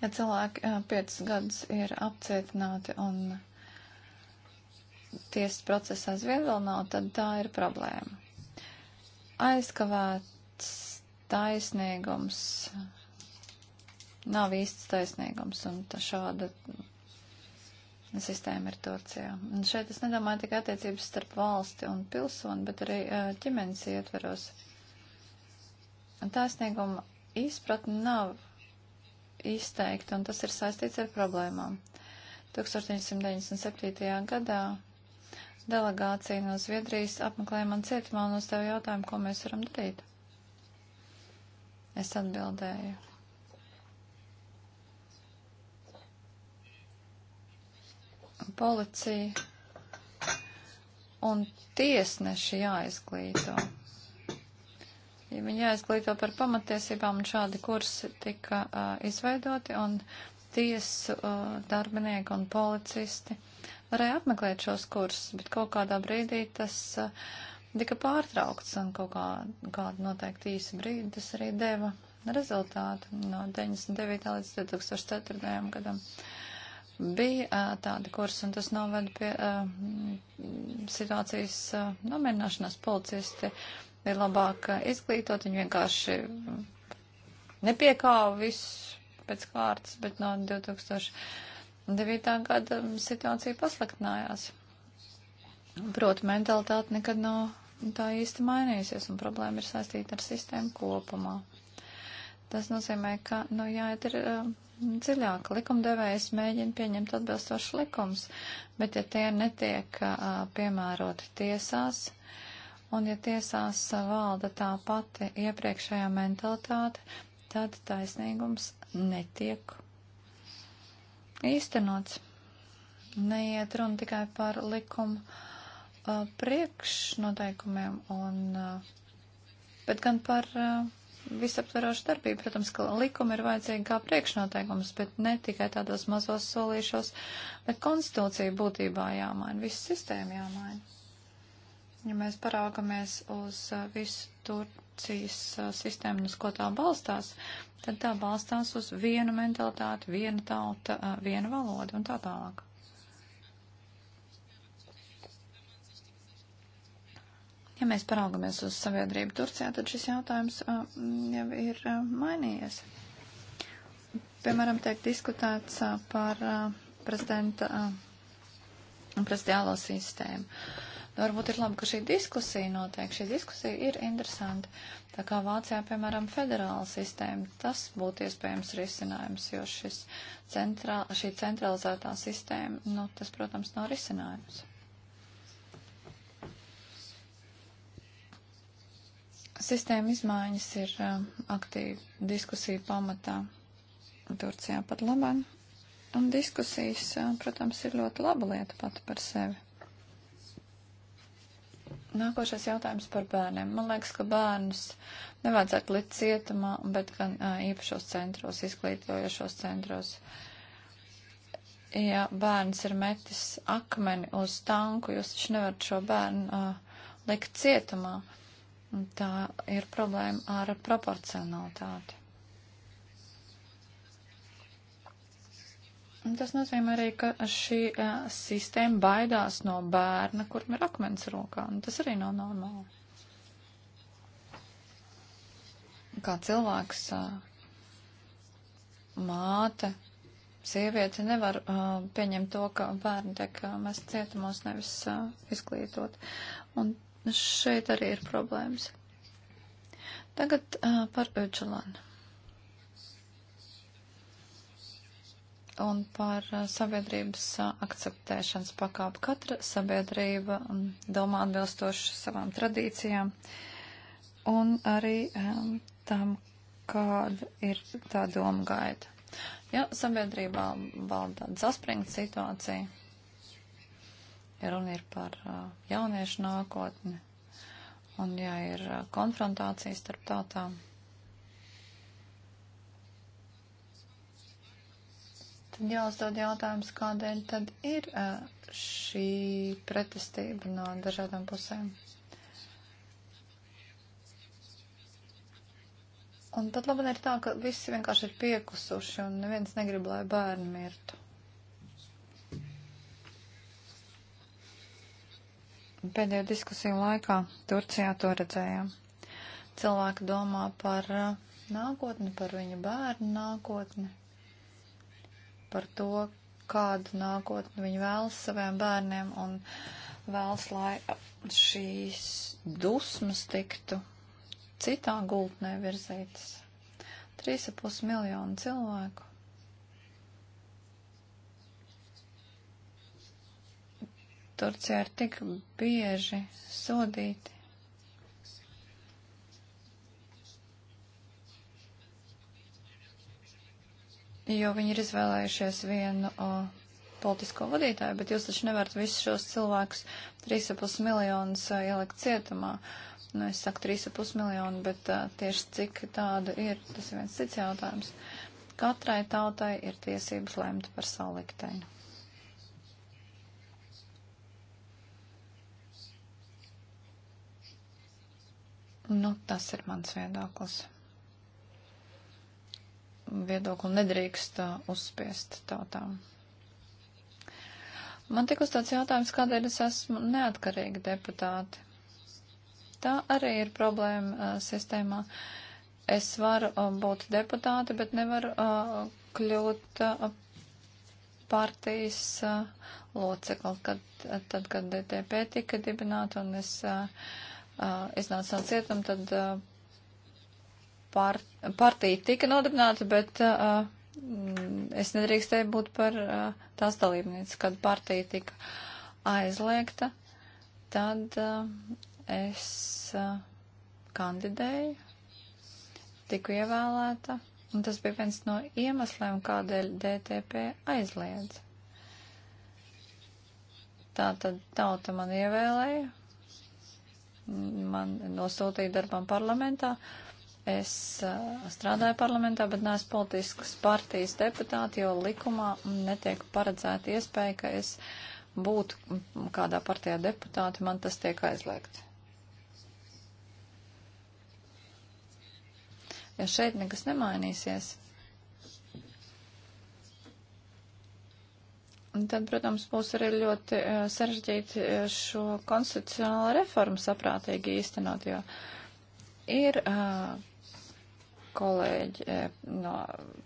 Ja cilvēki uh, piecus gadus ir apcietināti un tiesas procesā zvien vēl nav, tad tā ir problēma. Aizkavēts taisnīgums nav īsts taisnīgums, un šāda sistēma ir Turcijā. Un šeit es nedomāju tikai attiecības starp valsti un pilsoni, bet arī eh, ģimenes ietveros. Taisnīguma izpratne nav izteikta, un tas ir saistīts ar problēmām. 1997. gadā delegācija no Zviedrijas apmeklēja man cietumā un uzdev jautājumu, ko mēs varam darīt. Es atbildēju. Policija un tiesneši jāizglīto. Ja viņi jāizglīto par pamatiesībām, un šādi kursi tika uh, izveidoti, un tiesu uh, darbinieki un policisti varēja apmeklēt šos kursus, bet kaut kādā brīdī tas. Uh, tika pārtraukts un kaut kā, kādu noteikti īsu brīdi tas arī deva rezultātu no 99. līdz 2004. gadam. Bija uh, tādi kursi, un tas noveda pie uh, situācijas uh, nomierināšanās. Policisti ir labāk uh, izglītot, viņi vienkārši nepiekāva visu pēc kārtas, bet no 2009. gada situācija pasliktinājās. Proti, mentalitāte nekad nav tā īsti mainījusies, un problēma ir saistīta ar sistēmu kopumā. Tas nozīmē, ka, nu, jāiet ir uh, dziļāk. Likumdevējs mēģina pieņemt atbilstošs likums, bet ja tie netiek uh, piemēroti tiesās, un ja tiesās uh, valda tā pati iepriekšējā mentalitāte, tad taisnīgums netiek īstenots. Neiet runa tikai par likumu priekšnoteikumiem, un, bet gan par visaptverošu darbību. Protams, ka likumi ir vajadzīgi kā priekšnoteikums, bet ne tikai tādos mazos solīšos, bet konstitūcija būtībā jāmaina, visu sistēmu jāmaina. Ja mēs paraugamies uz visu Turcijas sistēmu, uz ko tā balstās, tad tā balstās uz vienu mentalitāti, vienu tauta, vienu valodu un tā tālāk. Ja mēs paraugamies uz sabiedrību Turcijā, tad šis jautājums uh, jau ir uh, mainījies. Piemēram, tiek diskutēts uh, par uh, prezidenta un uh, prezidiālo sistēmu. Nu, varbūt ir labi, ka šī diskusija notiek. Šī diskusija ir interesanta. Tā kā Vācijā, piemēram, federāla sistēma, tas būtu iespējams risinājums, jo šis centrā, šī centralizētā sistēma, nu, tas, protams, nav risinājums. Sistēma izmaiņas ir uh, aktīva diskusija pamatā Turcijā pat labāk. Un diskusijas, uh, protams, ir ļoti laba lieta pati par sevi. Nākošais jautājums par bērniem. Man liekas, ka bērnus nevajadzētu likt cietumā, bet gan uh, īpašos centros, izglītojošos centros. Ja bērns ir metis akmeni uz tanku, jūs taču nevarat šo bērnu uh, likt cietumā. Uh, Tā ir problēma ar proporcionalitāti. Un tas nozīmē arī, ka šī uh, sistēma baidās no bērna, kuram ir akmens rokā. Un tas arī nav normāli. Kā cilvēks, uh, māte, sieviete nevar uh, pieņemt to, ka bērni tiek uh, mēs cietumos nevis uh, izglītot. Un šeit arī ir problēmas. Tagad uh, par Öģelanu. Un par uh, sabiedrības uh, akceptēšanas pakāpu. Katra sabiedrība um, domā atbilstoši savām tradīcijām un arī um, tam, kāda ir tā doma gaida. Ja sabiedrībā valda tāda saspringta situācija, ja runa ir par jauniešu nākotni un ja ir konfrontācija starp tautām. Tad jāuzdod jautājums, kādēļ tad ir šī pretestība no dažādām pusēm. Un tad labi ir tā, ka visi vienkārši ir piekusuši un neviens negrib, lai bērni mirtu. Pēdējo diskusiju laikā Turcijā to redzējām. Cilvēki domā par uh, nākotni, par viņu bērnu nākotni, par to, kādu nākotni viņi vēlas saviem bērniem un vēlas, lai šīs dusmas tiktu citā gultnē virzītas. 3,5 miljonu cilvēku Turcijā ir tik bieži sodīti. Jo viņi ir izvēlējušies vienu o, politisko vadītāju, bet jūs taču nevarat visus šos cilvēkus 3,5 miljonus ielikt cietumā. Nu, es saku 3,5 miljonu, bet uh, tieši cik tādu ir, tas ir viens cits jautājums. Katrai tautai ir tiesības lemt par savu likteņu. Nu, tas ir mans viedoklis. Viedokli nedrīkst uh, uzspiest tautām. Man tik uzdots jautājums, kādēļ es esmu neatkarīgi deputāti. Tā arī ir problēma uh, sistēmā. Es varu uh, būt deputāti, bet nevaru kļūt partijas locekli, kad, tad, kad DTP tika dibināta un es. Uh, iznāca uh, no cietuma, tad uh, pār, partija tika nodarbināta, bet uh, es nedrīkstēju būt par tās dalībnieci, kad partija tika aizliegta. Tad es kandidēju, tiku ievēlēta, un tas bija viens no iemesliem, kādēļ DTP aizliedz. Tā tad tauta man ievēlēja, man nosūtīja darbam parlamentā. Es uh, strādāju parlamentā, bet neesmu politiskas partijas deputāti, jo likumā netiek paredzēta iespēja, ka es būtu kādā partijā deputāti, man tas tiek aizliegts. Ja šeit nekas nemainīsies, Un tad, protams, būs arī ļoti e, sarežģīti e, šo konstitucionālo reformu saprātīgi īstenot, jo ir uh, kolēģi uh, no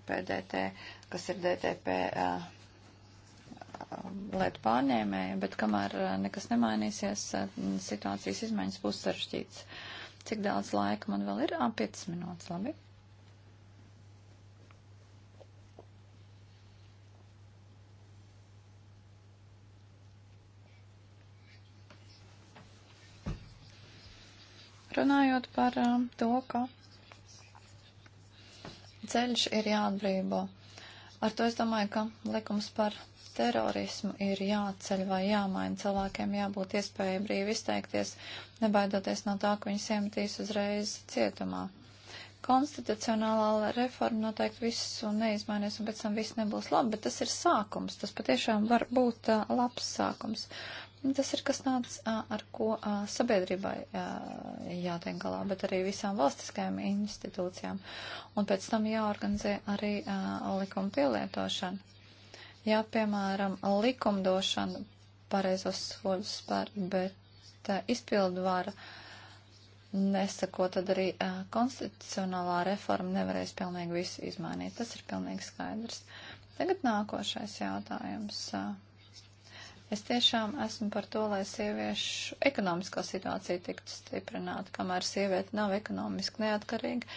PDT, kas ir DTP uh, lietu pārņēmēji, bet kamēr nekas nemainīsies, situācijas izmaiņas būs sarežģītas. Cik daudz laika man vēl ir? 5 minūtes, labi. Runājot par um, to, ka ceļš ir jāatbrīvo. Ar to es domāju, ka likums par terorismu ir jāceļ vai jāmaina. Cilvēkiem jābūt iespēja brīvi izteikties, nebaidoties no tā, ka viņus iemetīs uzreiz cietumā. Konstitucionālā reforma noteikti visu neizmainīs, un pēc tam viss nebūs labi, bet tas ir sākums. Tas patiešām var būt uh, labs sākums. Tas ir kas tāds, ar ko sabiedrībai jātiek galā, bet arī visām valstiskajām institūcijām. Un pēc tam jāorganizē arī likuma pielietošana. Jā, piemēram, likumdošana pareizos soļus spēr, bet izpildvara nesako, tad arī konstitucionālā reforma nevarēs pilnīgi visu izmainīt. Tas ir pilnīgi skaidrs. Tagad nākošais jautājums. Uh, Es tiešām esmu par to, lai sieviešu ekonomiskā situācija tiktu stiprināta, kamēr sieviete nav ekonomiski neatkarīga.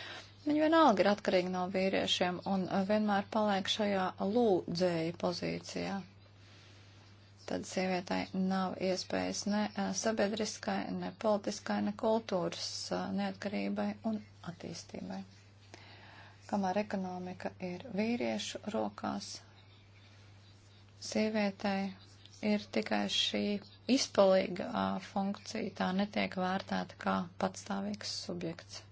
Viņa vienalga ir atkarīga no vīriešiem un vienmēr paliek šajā lūdzēja pozīcijā. Tad sievietai nav iespējas ne eh, sabiedriskai, ne politiskai, ne kultūras eh, neatkarībai un attīstībai. Kamēr ekonomika ir vīriešu rokās, sievietei ir tikai šī izpalīga uh, funkcija, tā netiek vērtēta kā patstāvīgs subjekts.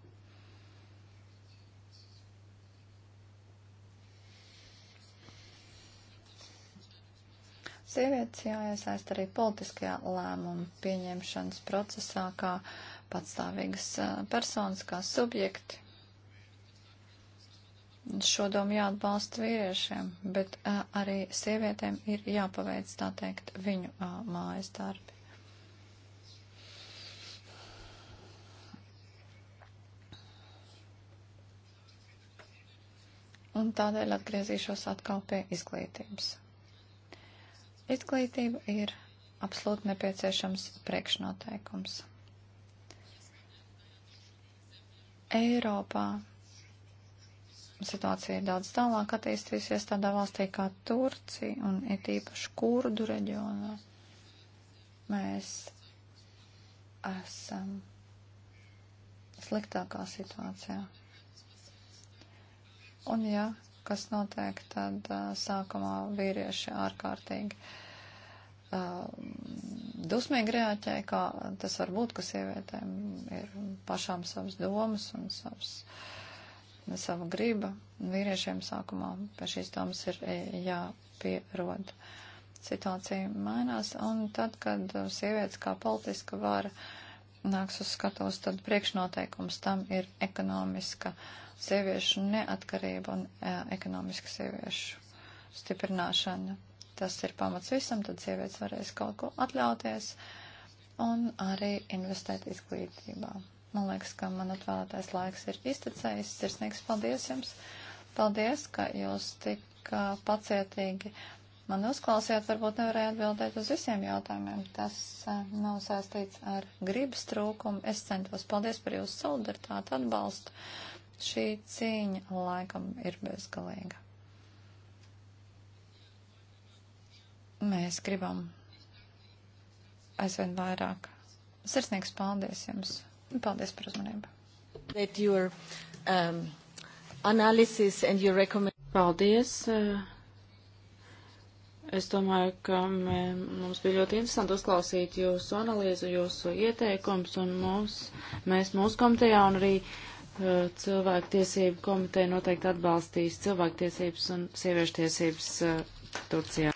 Sievietes jāiesaist arī politiskajā lēmumu pieņemšanas procesā kā patstāvīgas personas, kā subjekti šo domu jāatbalsta vīriešiem, bet uh, arī sievietēm ir jāpaveic, tā teikt, viņu uh, mājas darbi. Un tādēļ atgriezīšos atkal pie izglītības. Izglītība ir absolūti nepieciešams priekšnoteikums. Eiropā situācija ir daudz tālāk attīstījusies tādā valstī kā Turcija un it īpaši kurdu reģionā. Mēs esam sliktākā situācijā. Un ja kas notiek, tad sākumā vīrieši ārkārtīgi dusmīgi reaģē, kā tas var būt, ka sievietēm ir pašām savas domas un savas. Uh, sava griba, un vīriešiem sākumā pie šīs domas ir e, jāpierod. Situācija mainās, un tad, kad e, sievietes kā politiska vara nāks uz skatos, tad priekšnoteikums tam ir ekonomiska sieviešu neatkarība un e, ekonomiska sieviešu stiprināšana. Tas ir pamats visam, tad sievietes varēs kaut ko atļauties un arī investēt izglītībā. Man liekas, ka man atvēlētais laiks ir iztecējis. Sirsnīgs paldies jums. Paldies, ka jūs tik pacietīgi man uzklausījāt. Varbūt nevarēju atbildēt uz visiem jautājumiem. Tas nav saistīts ar gribas trūkumu. Es centos. Paldies par jūsu solidaritāti, atbalstu. Šī cīņa laikam ir bezgalīga. Mēs gribam aizvien vairāk. Sirsnīgs paldies jums! Paldies par uzmanību. Um, recommend... Paldies. Es domāju, ka mē, mums bija ļoti interesanti uzklausīt jūsu analīzu, jūsu ieteikums, un mums, mēs mūsu komitejā un arī uh, cilvēktiesību komiteja noteikti atbalstīs cilvēktiesības un sieviešu tiesības uh, Turcijā.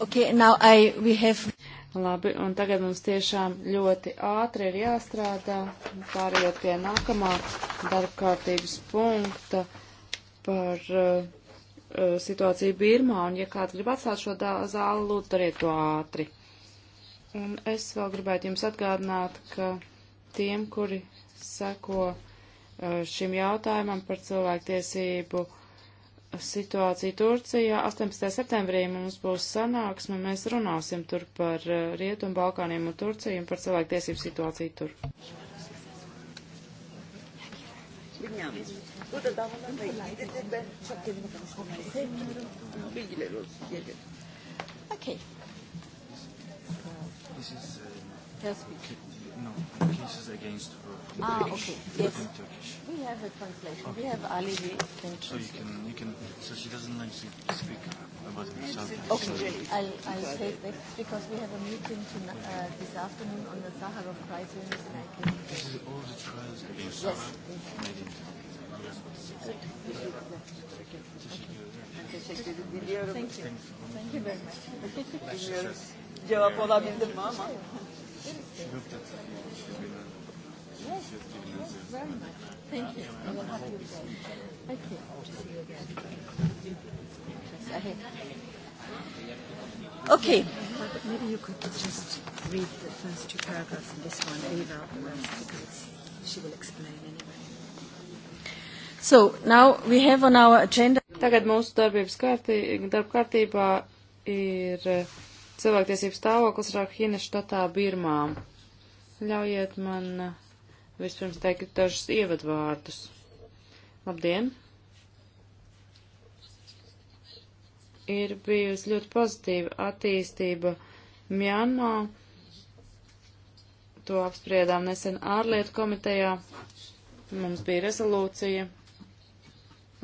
Okay, now I, we have... Labi, un tagad mums tiešām ļoti ātri ir jāstrādā, pārējot pie nākamā darbkārtības punkta par uh, uh situāciju Birmā, un ja kāds grib atstāt šo zāli, lūdzu, dariet to ātri. Un es vēl gribētu jums atgādināt, ka tiem, kuri seko uh, šim jautājumam par cilvēktiesību, uh, situāciju Turcijā. 18. septembrī mums būs sanāksme, mēs runāsim tur par eh, Rietumu Balkāniem un Turciju un par cilvēktiesību situāciju tur. Okay. This is uh, No, cases against her. Ah, Turkish, okay. Yes. In Turkish. We have a translation. Okay. We have Ali. We can translate. So you can, you can. So she doesn't like to speak about herself. Okay. So I'll, I'll say that because we have a meeting tonight, uh, this afternoon on the Sakharov Prize winners, and I can. This is all the trials against yes. Sakharov. Yes. Made in Teşekkür ediyorum. Thank you. Thank you very much. Bilmiyorum cevap olabildim mi ama. She looked at Yes, yes, very much. Thank you. I will have you again. Thank you. See you again. Okay. Maybe you could just read the first two paragraphs in this one and leave out the rest because she will explain anyway. So now we have on our agenda. Tagad mūsu darbības kārtī, darba kārtībā ir uh, cilvēktiesību stāvoklis Rakhina štatā Birmā. Ļaujiet man eh, vispirms teikt dažus ievadvārdus. Labdien! Ir bijusi ļoti pozitīva attīstība Mjanmā. To apspriedām nesen ārlietu komitejā. Mums bija rezolūcija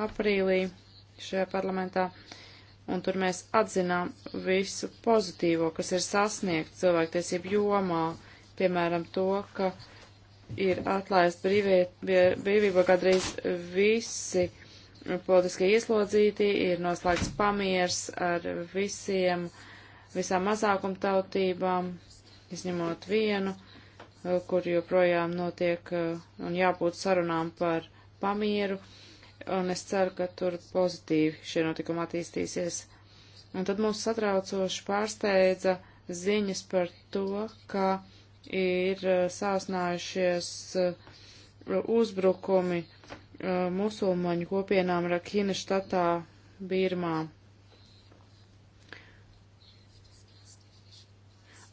aprīlī šajā parlamentā. Uh, un tur mēs atzinām visu pozitīvo, kas ir sasniegts cilvēktiesību jomā, piemēram to, ka ir atlaist brīvī, brīvībā gadrīz visi politiskie ieslodzīti, ir noslēgts pamiers ar visiem, visām mazākumtautībām, izņemot vienu, kur joprojām notiek uh, un jābūt sarunām par pamieru. Uh, un es ceru, ka tur pozitīvi šie notikumi attīstīsies. Un tad mums satraucoši pārsteidza ziņas par to, ka ir uh, sāsnājušies uh, uzbrukumi uh, musulmaņu kopienām Rakina štatā Birmā.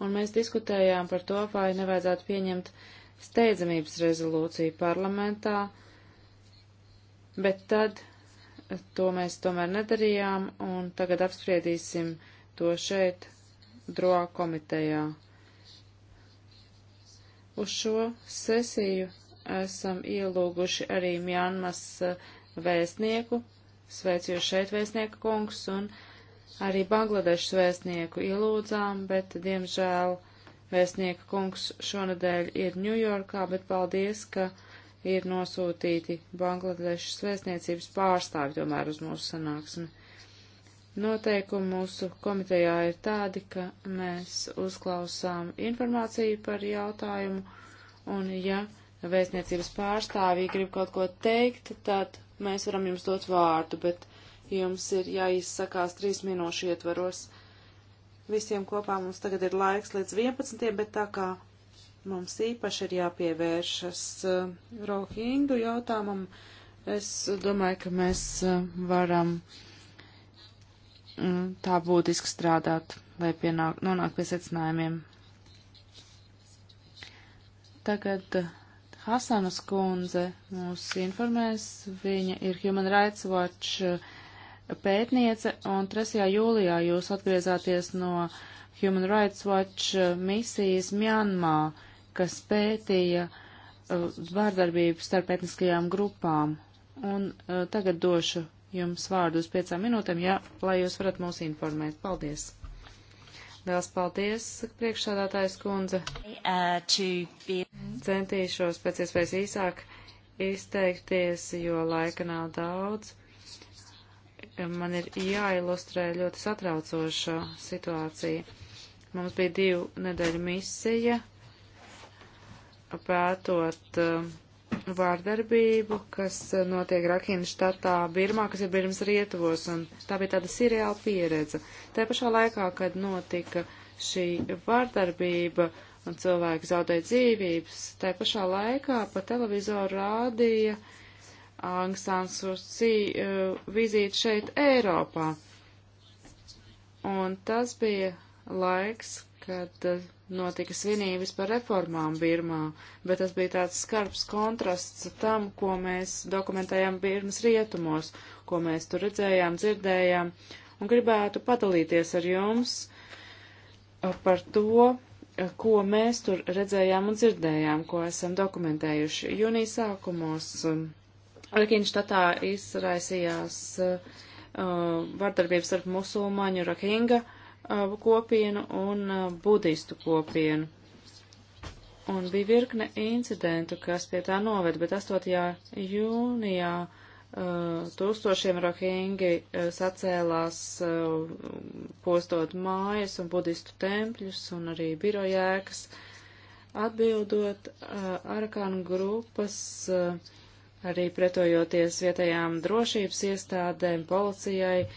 Un mēs diskutējām par to, vai nevajadzētu pieņemt steidzamības rezolūciju parlamentā, uh, bet tad eh, to mēs tomēr nedarījām, un tagad apspriedīsim to šeit, droā komitejā. Uz šo sesiju esam ielūguši arī Mjanmas eh, vēstnieku, sveicu jūs šeit vēstnieku kungs, un arī Bangladešas vēstnieku ielūdzām, bet, diemžēl, vēstnieka kungs šonadēļ ir Ņujorkā, bet paldies, ka uh, ir nosūtīti Bangladešas vēstniecības pārstāvi tomēr uz mūsu sanāksmi. Noteikumi mūsu komitejā ir tādi, ka mēs uzklausām informāciju par jautājumu, un ja vēstniecības pārstāvī grib kaut ko teikt, tad mēs varam jums dot vārdu, bet jums ir jāizsakās trīs minūšu ietvaros. Visiem kopā mums tagad ir laiks līdz 11, bet tā kā Mums īpaši ir jāpievēršas eh, rohingu jautājumam. Es domāju, ka mēs eh, varam mm, tā būtiski strādāt, lai pienāk, nonāk pie secinājumiem. Tagad eh, Hasanas kundze mūs informēs. Viņa ir Human Rights Watch pētniece, un 3. jūlijā jūs atgriezāties no Human Rights Watch misijas Mjanmā kas pētīja uh, vārdarbību starp etniskajām grupām. Un uh, tagad došu jums vārdu uz piecām minūtēm, ja, lai jūs varat mūs informēt. Paldies! Liels paldies, priekšsādātājs kundze. Uh, Centīšos pēc iespējas īsāk izteikties, jo laika nav daudz. Man ir jāilustrē ļoti satraucoša situācija. Mums bija divu nedēļu misija pētot um, vārdarbību, kas uh, notiek Rakhina štatā Birmā, kas ir Birmas rietuvos, un tā bija tāda sirreāla pieredze. Tā pašā laikā, kad notika šī vārdarbība un cilvēki zaudēja dzīvības, tā pašā laikā pa televizoru rādīja Aung San Suu Kyi uh, vizīti šeit Eiropā. Un tas bija laiks, kad uh, notika svinības par reformām Birmā, bet tas bija tāds skarbs kontrasts tam, ko mēs dokumentējam Birmas rietumos, ko mēs tur redzējām, dzirdējām, un gribētu padalīties ar jums par to, ko mēs tur redzējām un dzirdējām, ko esam dokumentējuši. Jūnija sākumos Rakinštatā izraisījās uh, vardarbības starp musulmaņu Rakinga kopienu un budistu kopienu. Un bija virkne incidentu, kas pie tā noved, bet 8. jūnijā tūkstošiem rohingi sacēlās postot mājas un budistu tempļus un arī birojēkas. Atbildot, Arakānu grupas arī pretojoties vietējām drošības iestādēm, policijai,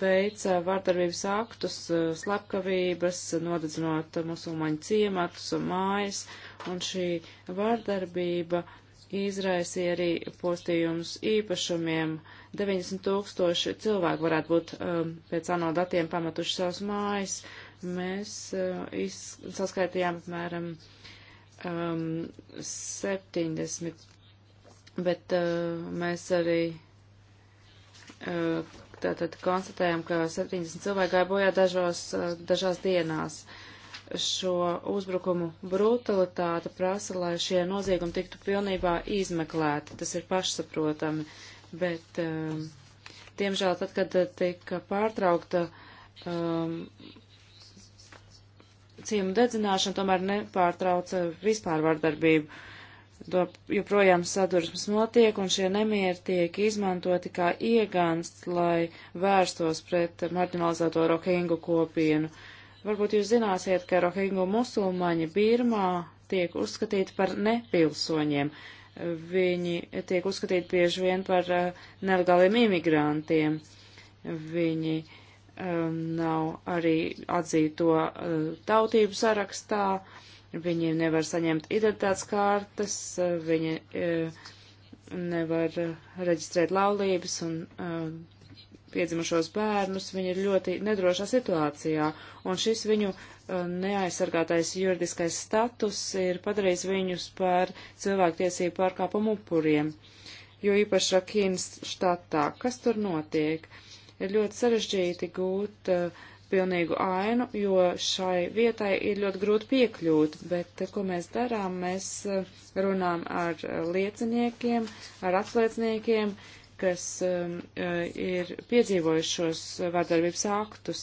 veica vārdarbības aktus, eh, slepkavības, nodedzinot musulmaņu ciematus un mājas, un šī vārdarbība izraisīja arī postījums īpašumiem. 90 tūkstoši cilvēku varētu būt um, pēc ANO datiem pametuši savus mājas. Mēs uh, iz, saskaitījām apmēram um, 70, bet uh, mēs arī uh, Tātad konstatējam, ka 70 cilvēki gāja bojā dažos, eh, dažās dienās. Šo uzbrukumu brutalitāte prasa, lai šie noziegumi tiktu pilnībā izmeklēti. Tas ir pašsaprotami. Bet, ehm, diemžēl, tad, kad tika pārtraukta um, ehm, ciemu dedzināšana, tomēr nepārtrauca vispār vardarbību. Uh, joprojām sadursmes notiek, un šie nemieri tiek izmantoti kā iegāns, lai vērstos pret marginalizēto rohingu kopienu. Varbūt jūs zināsiet, ka rohingu musulmaņi Birmā tiek uzskatīti par nepilsoņiem. Viņi tiek uzskatīti bieži vien par uh, nelegāliem imigrantiem. Viņi um, nav arī atzīto uh, tautību sarakstā. Uh, Viņi nevar saņemt identitātes kārtas, viņi eh, nevar eh, reģistrēt laulības un eh, piedzimušos bērnus, viņi ir ļoti nedrošā situācijā, un šis viņu neaizsargātais juridiskais status ir padarījis viņus par cilvēktiesību pārkāpumu upuriem, jo īpaši Rakīnas štatā. Kas tur notiek? Ir ļoti sarežģīti gūt uh, pilnīgu ainu, jo šai vietai ir ļoti grūti piekļūt, bet eh, ko mēs darām, mēs eh, runām ar eh, lieciniekiem, ar aplieciniekiem, kas ir piedzīvojuši šos vardarbības aktus.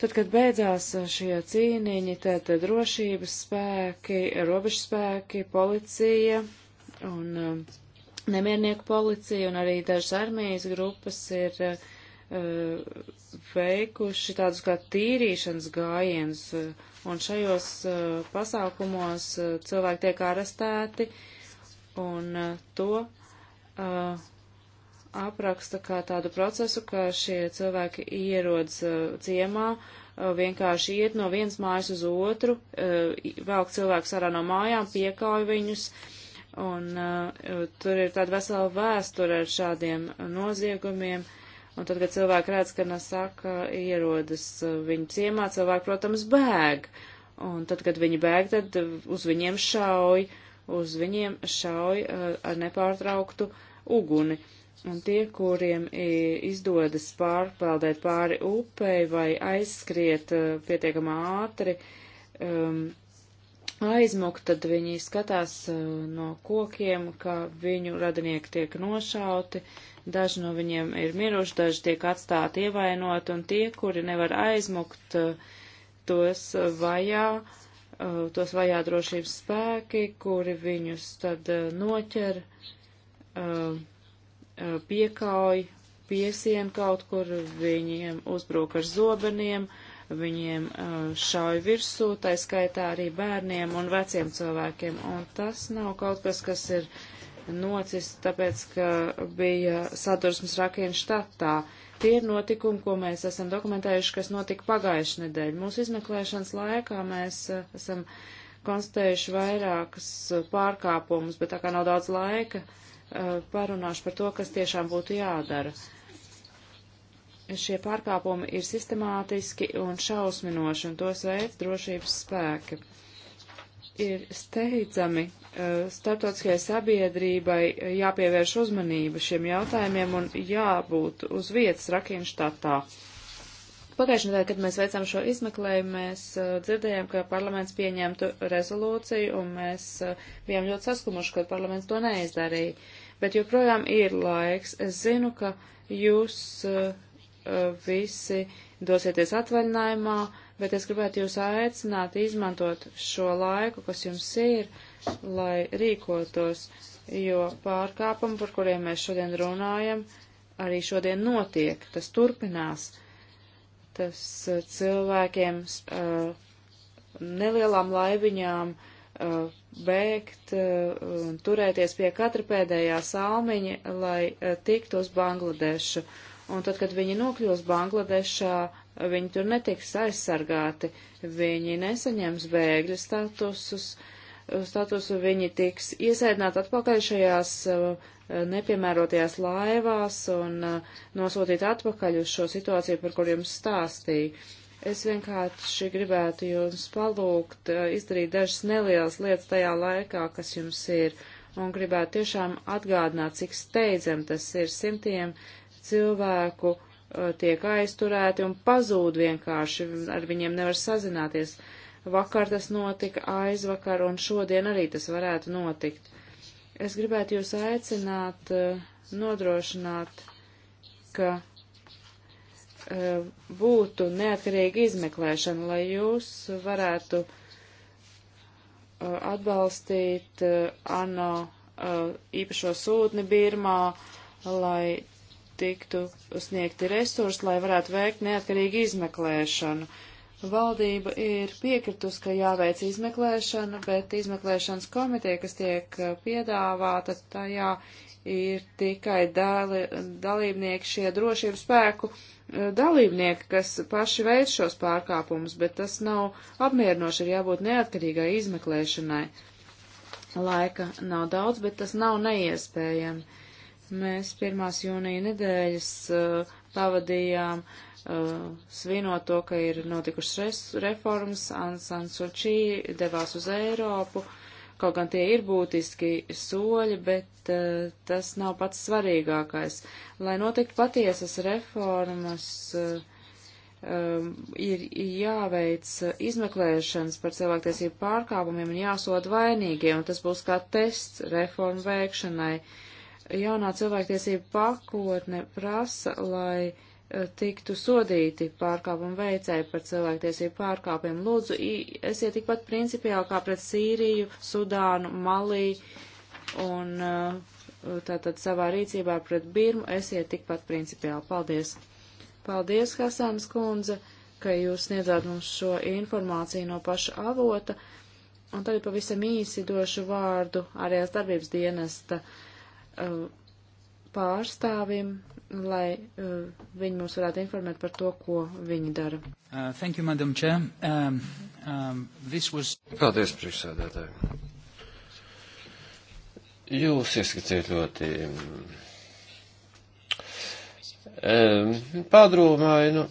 Tad, kad beidzās šie cīniņi, tad drošības spēki, robežspēki, policija un nemiernieku policija un arī dažas armijas grupas ir uh, veikuši tādus kā tīrīšanas gājienus, un šajos eh, pasākumos eh, cilvēki tiek arestēti, un eh, to apraksta kā tādu procesu, ka šie cilvēki ierodas ciemā, vienkārši iet no vienas mājas uz otru, velk cilvēkus ārā no mājām, piekauj viņus, un tur ir tāda vesela vēsture ar šādiem noziegumiem. Uh, Un tad, kad cilvēki redz, ka Nasaka ierodas uh, viņu ciemā, cilvēki, protams, bēg. Un tad, kad viņi bēg, tad uh, uz viņiem šauj, uz viņiem šauj uh, ar nepārtrauktu uguni. Un tie, kuriem izdodas pārpeldēt pāri upei vai aizskriet pietiekamā ātri, um, aizmukt, tad viņi skatās no kokiem, ka viņu radinieki tiek nošauti, uh, Daži no viņiem ir miruši, daži tiek atstāti ievainot, un tie, kuri nevar aizmukt, tos vajā, tos vajā drošības spēki, kuri viņus tad eh, noķer, eh, eh, piekauj, piesien kaut kur, viņiem uzbruk ar zobeniem, viņiem šauj virsū, tā skaitā arī bērniem un veciem cilvēkiem. Un tas nav kaut kas, kas ir nocist, tāpēc, ka bija sadursmes rakienu štatā. Tie ir notikumi, ko mēs esam dokumentējuši, kas notika pagājušajā nedēļā. Mūsu izmeklēšanas laikā mēs eh, esam konstatējuši vairākas eh, pārkāpumus, bet tā kā nav daudz laika, eh, parunāšu par to, kas tiešām būtu jādara. Šie pārkāpumi ir sistemātiski un šausminoši, un tos veids drošības spēki ir steidzami eh, starptautiskajai sabiedrībai eh, jāpievērš uzmanība šiem jautājumiem un jābūt uz vietas Rakinštatā. Pagājušajā nedēļā, kad mēs veicām šo izmeklējumu, mēs eh, dzirdējām, ka parlaments pieņemtu rezolūciju, un mēs bijām ļoti saskumuši, ka parlaments to neizdarīja. Bet joprojām ir laiks. Es zinu, ka jūs visi dosieties atvaļinājumā, uh, bet es gribētu jūs aicināt izmantot šo laiku, kas jums ir, lai rīkotos, jo pārkāpumi, par kuriem mēs šodien runājam, arī šodien notiek, tas turpinās, tas uh, cilvēkiem uh, nelielām laiviņām uh, bēgt un turēties pie katra pēdējā salmiņa, lai tiktu uz Bangladešu. Un tad, kad viņi nokļūs Bangladešā, viņi tur netiks aizsargāti, viņi nesaņems bēgļu statusus, statusu viņi tiks iesaidināti atpakaļ šajās eh, nepiemērotajās laivās un eh, nosūtīti atpakaļ uz šo situāciju, par kur jums stāstīju. Es vienkārši gribētu jums palūgt eh, izdarīt dažas nelielas lietas tajā laikā, kas jums ir, un gribētu tiešām atgādināt, cik steidzam tas ir simtiem cilvēku Eh, tiek aizturēti un pazūd vienkārši, ar viņiem nevar sazināties. Vakar tas notika, aizvakar un šodien arī tas varētu notikt. Es gribētu jūs aicināt, eh, nodrošināt, ka eh, būtu neatkarīga izmeklēšana, lai jūs varētu atbalstīt ANO īpašo sūtni Birmā, lai tiktu sniegti resursi, lai varētu veikt neatkarīgu izmeklēšanu. Valdība ir piekritus, ka jāveic izmeklēšana, bet izmeklēšanas komiteja, kas tiek eh, piedāvāta, tajā ir tikai dali, dalībnieki šie drošības spēku eh, dalībnieki, kas paši veic šos pārkāpumus, bet tas nav apmierinoši, ir jābūt neatkarīgai izmeklēšanai. Laika nav daudz, bet tas nav neiespējami Mēs pirmās jūnija nedēļas uh, pavadījām uh, svinot to, ka ir notikušas reformas, Ansan Sočī devās uz Eiropu, kaut gan tie ir būtiski soļi, bet uh, tas nav pats svarīgākais. Lai notiktu patiesas reformas, uh, um, ir jāveic izmeklēšanas par cilvēktiesību pārkāpumiem un jāsod vainīgie, un tas būs kā tests reformu veikšanai. Uh, jaunā cilvēktiesība pakotne prasa, lai e, tiktu sodīti pārkāpumu veicēji par cilvēktiesību pārkāpumiem. Lūdzu, esiet tikpat principiāli kā pret Sīriju, Sudānu, Malī un e, tātad savā rīcībā pret Birmu esiet tikpat principiāli. Paldies! Paldies, Hasans kundze, ka jūs sniedzāt mums šo informāciju no paša avota. Un tagad pavisam īsi došu vārdu ārējās darbības dienesta uh, Uh, pārstāvim, lai uh, viņi mums varētu informēt par to, ko viņi dara. Uh, thank you, Madam Chair. Um, um, this was... Paldies, priekšsēdētāji. Jūs ieskatiet ļoti um, um, pārdomāju, nu,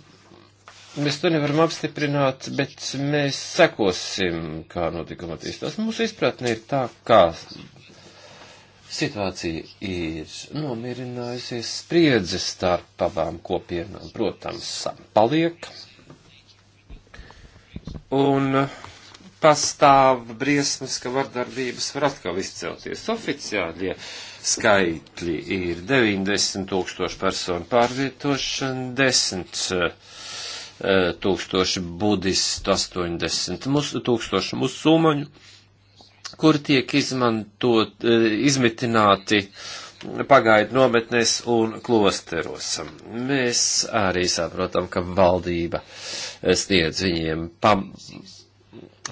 Mēs to nevaram apstiprināt, bet mēs sekosim, kā notikuma attīstās. Mūsu izpratne ir tā, kā Situācija ir nomierinājusies, spriedze starp abām kopienām, protams, paliek. Un pastāv briesmas, ka vardarbības var atkal izcelties. Oficiālie skaitļi ir 90 tūkstoši personu pārvietošana, 10 eh, tūkstoši budistu, 80 tūkstoši musulmaņu kur tiek izmantot, eh, izmitināti pagaidu nometnēs un klosteros. Mēs arī saprotam, ka valdība eh, sniedz viņiem pam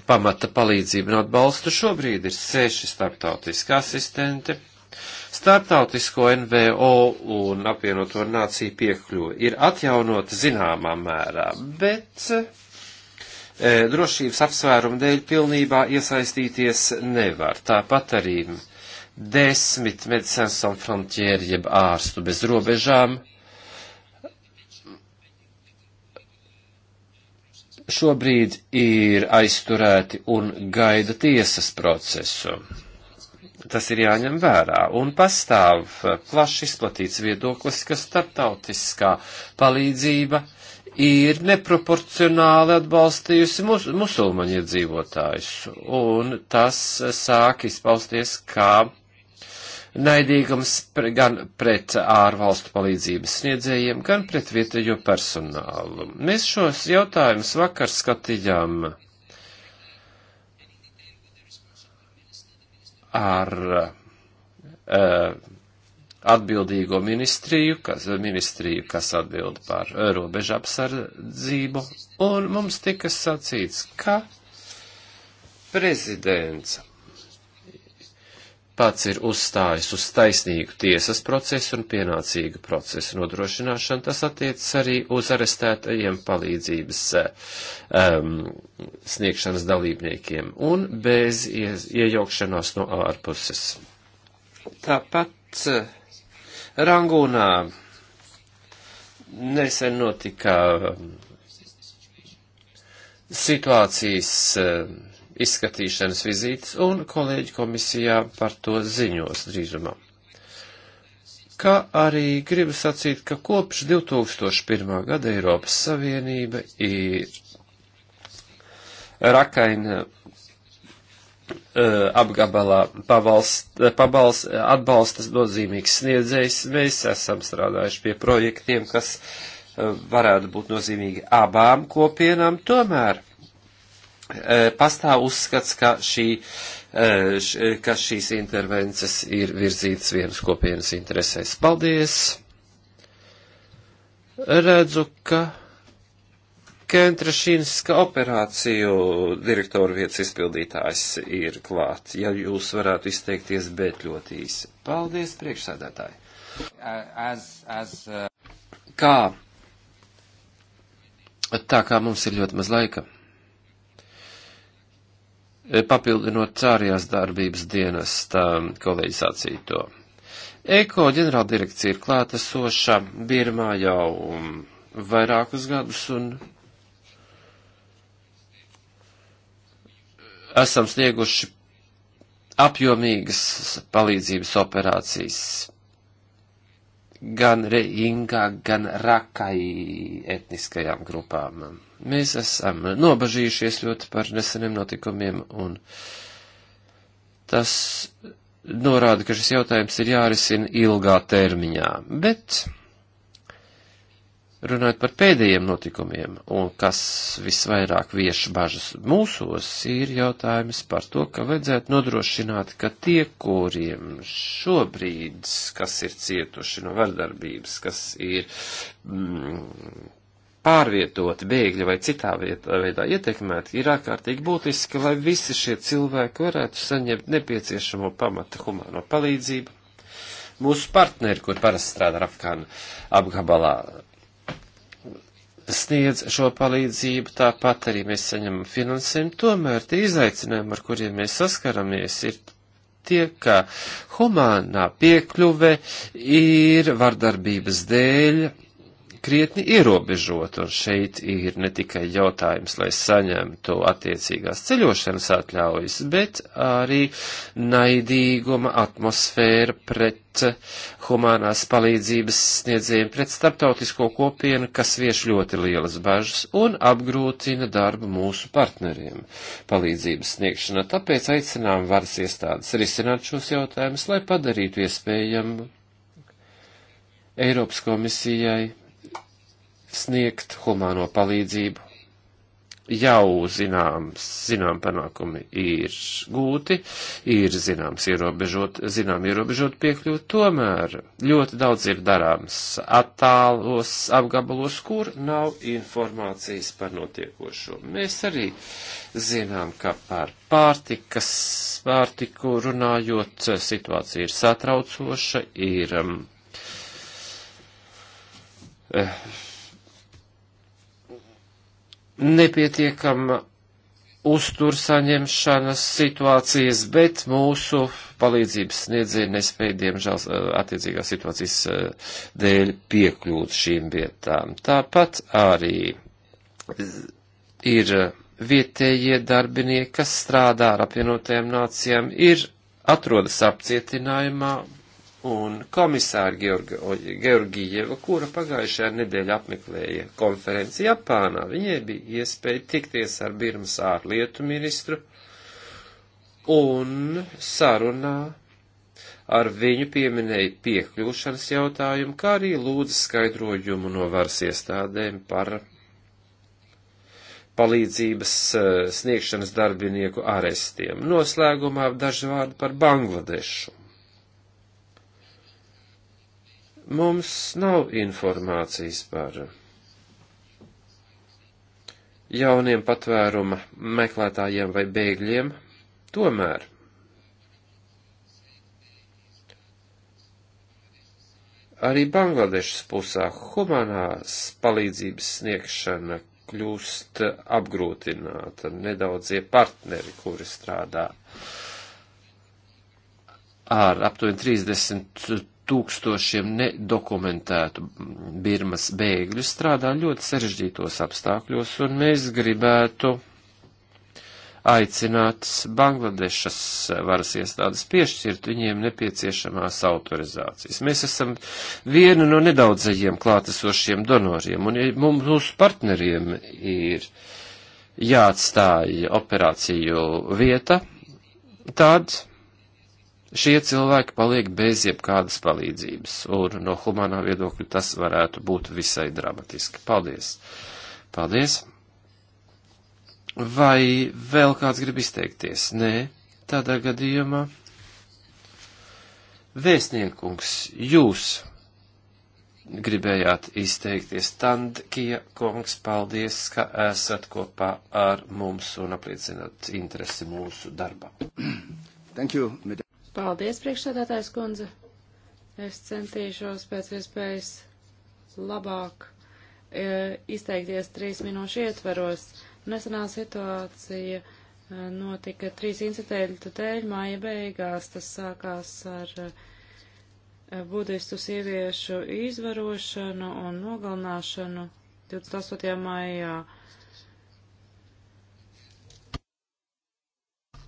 pamata palīdzību un atbalstu. Šobrīd ir seši starptautiski asistenti. Startautisko NVO un apvienoto nāciju piekļuva ir atjaunota zināmā mērā, bet E, drošības apsvērumu dēļ pilnībā iesaistīties nevar. Tāpat arī desmit medicēns un frontieri, jeb ārstu bez robežām. Šobrīd ir aizturēti un gaida tiesas procesu. Tas ir jāņem vērā, un pastāv plaši izplatīts viedoklis, ka starptautiskā palīdzība uh, ir neproporcionāli atbalstījusi mus, musulmaņu iedzīvotājus, un tas sāk izpausties kā naidīgums pre, gan pret ārvalstu palīdzības sniedzējiem, gan pret vietējo personālu. Mēs šos jautājumus vakar skatījām ar uh, atbildīgo ministriju, kas, ministriju, kas atbild par eh, robežu apsardzību, un mums tika sacīts, ka prezidents pats ir uzstājis uz taisnīgu tiesas procesu un pienācīgu procesu nodrošināšanu. Tas attiecas arī uz arestētajiem palīdzības um, sniegšanas dalībniekiem un bez iejaukšanās no ārpuses. Tāpat uh, Rangūnā nesen notika um, situācijas um, izskatīšanas vizītes, un kolēģi komisijā par to ziņos drīzumā. Kā arī gribu sacīt, ka kopš 2001. gada Eiropas Savienība ir rakaina Eh, apgabalā pavalst, pabalst, eh, eh, atbalstas nozīmīgs sniedzējs. Mēs esam strādājuši pie projektiem, kas varētu būt nozīmīgi abām kopienām. Tomēr pastāv uzskats, ka, šī, š, ka šīs intervences ir virzītas vienas kopienas interesēs. Paldies! Redzu, ka Kentrašīnska operāciju direktoru vietas izpildītājs ir klāt. Ja jūs varētu izteikties, bet ļoti īsi. Paldies, priekšsēdētāji. As, as, uh... Kā? Tā kā mums ir ļoti maz laika. Papildinot cārījās darbības dienas um, kolēģis sacīto. Eko ģenerāldirekcija ir klātesoša Birmā jau um, vairākus gadus un esam snieguši apjomīgas palīdzības operācijas gan Reingā, gan Rakai etniskajām grupām. Mēs esam nobažījušies ļoti par neseniem notikumiem, un tas norāda, ka šis jautājums ir jārisina ilgā termiņā, bet Runājot par pēdējiem notikumiem, un kas visvairāk vieš bažas mūsos, ir jautājums par to, ka vajadzētu nodrošināt, ka tie, kuriem šobrīd, kas ir cietuši no vardarbības, kas ir mm, pārvietoti bēgļi vai citā vietā, veidā ietekmēti, ir ārkārtīgi būtiski, lai visi šie cilvēki varētu saņemt nepieciešamo pamata humāno palīdzību. Mūsu partneri, kur parasti strādā Afgāna apgabalā, sniedz šo palīdzību, tāpat arī mēs saņemam finansējumu. Tomēr tie izaicinājumi, ar kuriem mēs saskaramies, ir tie, ka humānā piekļuve ir vardarbības dēļ krietni ierobežot, un šeit ir ne tikai jautājums, lai saņemtu attiecīgās ceļošanas atļaujas, bet arī naidīguma atmosfēra pret humanās palīdzības sniedzējiem, pret starptautisko kopienu, kas vieš ļoti lielas bažas un apgrūtina darbu mūsu partneriem palīdzības sniegšanā. Tāpēc aicinām varas iestādes risināt šos jautājumus, lai padarītu iespējamu Eiropas komisijai sniegt humāno palīdzību. Jau zināms, zinām panākumi ir gūti, ir zināms ierobežot, zinām ierobežot piekļūt, tomēr ļoti daudz ir darāms attālos apgabalos, kur nav informācijas par notiekošo. Mēs arī zinām, ka par pārtikas, pārtiku runājot, situācija ir satraucoša, ir. Um, eh, nepietiekama uztur saņemšanas situācijas, bet mūsu palīdzības sniedzēji nespēja, diemžēl, eh, attiecīgās situācijas eh, dēļ piekļūt šīm vietām. Tāpat arī ir vietējie darbinieki, kas strādā ar apvienotajām nācijām, ir atrodas apcietinājumā un komisāra Georgijieva, kura pagājušajā nedēļā apmeklēja konferenci Japānā. Viņai bija iespēja tikties ar Birmas ārlietu ministru un sarunā ar viņu pieminēja piekļūšanas jautājumu, kā arī lūdza skaidrojumu no varas iestādēm par palīdzības eh, sniegšanas darbinieku arestiem. Noslēgumā daži vārdi par Bangladešu. Mums nav informācijas par jauniem patvēruma meklētājiem vai bēgļiem, tomēr arī Bangladešas pusā humanās palīdzības sniegšana kļūst apgrūtināta nedaudzie partneri, kuri strādā ar aptuveni 30 tūkstošiem nedokumentētu Birmas bēgļu strādā ļoti sarežģītos apstākļos, un mēs gribētu aicināt Bangladešas varas iestādes piešķirt viņiem nepieciešamās autorizācijas. Mēs esam viena no nedaudzajiem klātesošiem donoriem, un mums, mūsu partneriem ir jāatstāja operāciju vieta, tāds šie cilvēki paliek bez jebkādas palīdzības, un no humanā viedokļa tas varētu būt visai dramatiski. Paldies! Paldies! Vai vēl kāds grib izteikties? Nē, tādā gadījumā. Vēstniekungs, jūs gribējāt izteikties. Tandkija kungs, paldies, ka esat kopā ar mums un apliecināt interesi mūsu darbā. Thank you, Paldies, priekšsēdētājs kundze. Es centīšos pēc iespējas labāk e, izteikties trīs minūšu ietveros. Nesenā situācija e, notika trīs incidentu dēļ māja beigās. Tas sākās ar e, budistu sieviešu izvarošanu un nogalināšanu 28. maijā. E,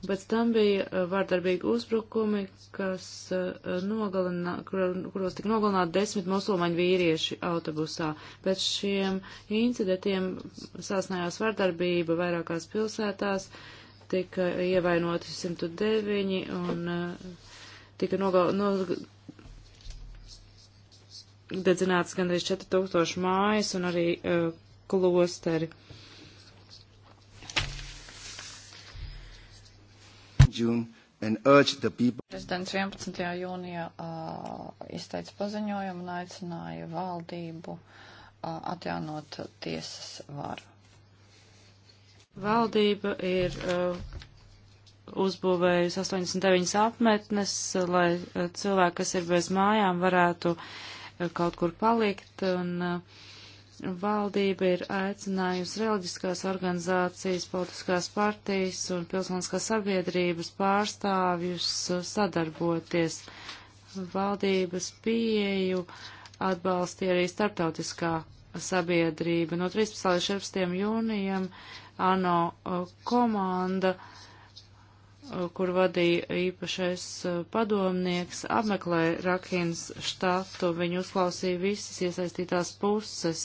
Pēc tam bija eh, vārdarbīgi uzbrukumi, kas eh, nogalina, kur, kuros tika nogalināti desmit musulmaņu vīrieši autobusā. Pēc šiem incidentiem sāsnējās vārdarbība vairākās pilsētās, tika ievainoti 109 un eh, tika nogal, no, dedzināts gandrīz 4000 mājas un arī uh, klosteri. June and urged the people. Prezidents 11. jūnijā uh, izteica paziņojumu un aicināja valdību uh, atjaunot tiesas varu. Valdība ir uh, uzbūvējusi 89 apmetnes, lai uh, cilvēki, kas ir bez mājām, varētu uh, kaut kur palikt. Un, uh, Valdība ir aicinājusi reliģiskās organizācijas, politiskās partijas un pilsoniskās sabiedrības pārstāvjus uh, sadarboties. Valdības pieeju atbalstīja arī starptautiskā sabiedrība. No 13. līdz 14. jūnijam ANO uh, komanda uh, kur vadīja īpašais eh, padomnieks, apmeklēja Rakins štatu, viņu uzklausīja visas iesaistītās puses.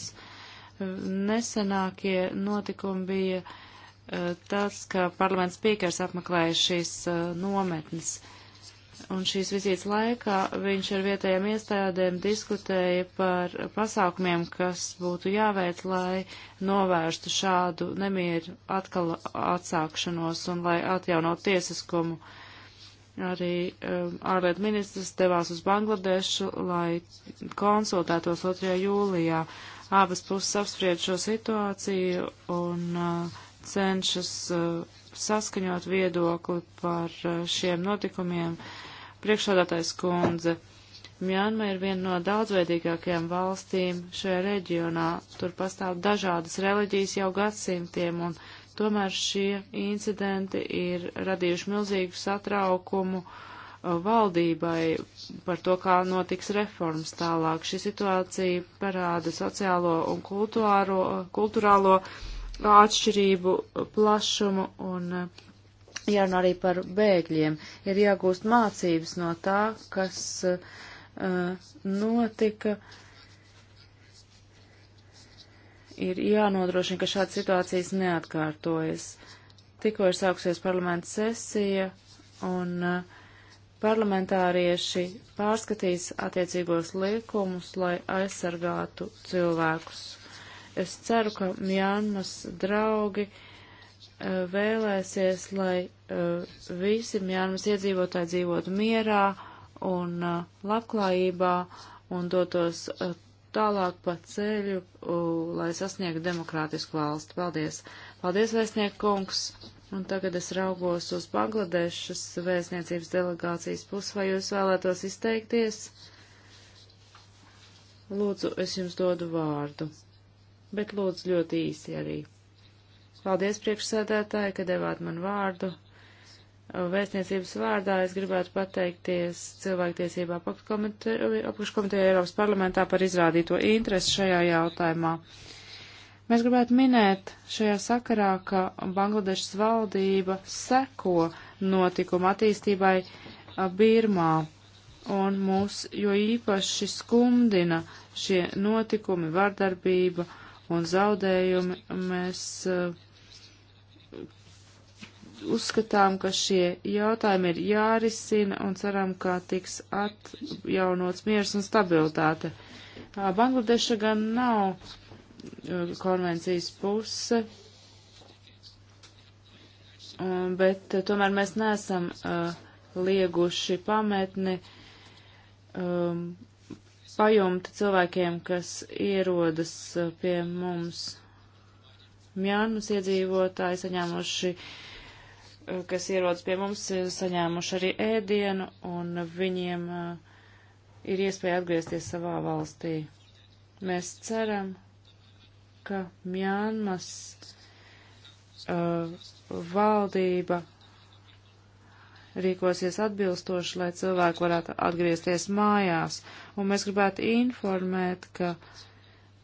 Nesenākie notikumi bija eh, tas, ka parlaments piekars apmeklēja šīs eh, nometnes. Uh, un šīs vizītes laikā viņš ar vietējiem iestādēm diskutēja par pasākumiem, kas būtu jāveic, lai novērstu šādu nemieru atkal atsākšanos un lai atjaunot tiesiskumu. Arī um, ārlietu ministrs devās uz Bangladešu, lai konsultētos 2. jūlijā. Abas puses apspried šo situāciju un uh, cenšas uh, saskaņot viedokli par uh, šiem notikumiem, Priekšsādātais kundze, Mjānma ir viena no daudzveidīgākajām valstīm šajā reģionā. Tur pastāv dažādas reliģijas jau gadsimtiem, un tomēr šie incidenti ir radījuši milzīgu satraukumu uh, valdībai par to, kā notiks reformas tālāk. Šī situācija parāda sociālo un kultūrālo, kultūrālo atšķirību plašumu un uh, jārunā arī par bēgļiem. Ir jāgūst mācības no tā, kas uh, notika. Ir jānodrošina, ka šādas situācijas neatkārtojas. Tikko ir sākusies parlamenta sesija, un uh, parlamentārieši pārskatīs attiecīgos liekumus, lai aizsargātu cilvēkus. Es ceru, ka Mjānmas draugi uh, Eh, vēlēsies, lai eh, visi Mjānmas iedzīvotāji dzīvotu mierā un eh, labklājībā un dotos tālāk pa ceļu, lai sasniegtu demokrātisku valstu. Paldies! Paldies, vēstnieku kungs! Un tagad es raugos uz Bangladešas vēstniecības delegācijas pusi, vai jūs vēlētos izteikties? Lūdzu, es jums dodu vārdu, bet lūdzu ļoti īsi arī. Paldies priekšsēdētāji, ka devāt man vārdu. Vēstniecības vārdā es gribētu pateikties cilvēktiesībā apakškomiteja Eiropas parlamentā par izrādīto interesi šajā jautājumā. Mēs gribētu minēt šajā sakarā, ka Bangladešas valdība seko notikuma attīstībai Birmā, un mūs jo īpaši skumdina šie notikumi, vardarbība un zaudējumi. Mēs uh, uzskatām, ka šie jautājumi ir jārisina un ceram, ka tiks atjaunots miers un stabilitāte. Bangladeša gan nav konvencijas puse, bet tomēr mēs neesam lieguši pametni pajumta cilvēkiem, kas ierodas pie mums Mjānmas iedzīvotāji saņēmuši, eh, kas ierodas pie mums, eh, saņēmuši arī ēdienu, un viņiem eh, ir iespēja atgriezties savā valstī. Mēs ceram, ka Mjānmas uh, valdība rīkosies atbilstoši, lai cilvēki varētu atgriezties mājās. Un mēs gribētu informēt, ka uh,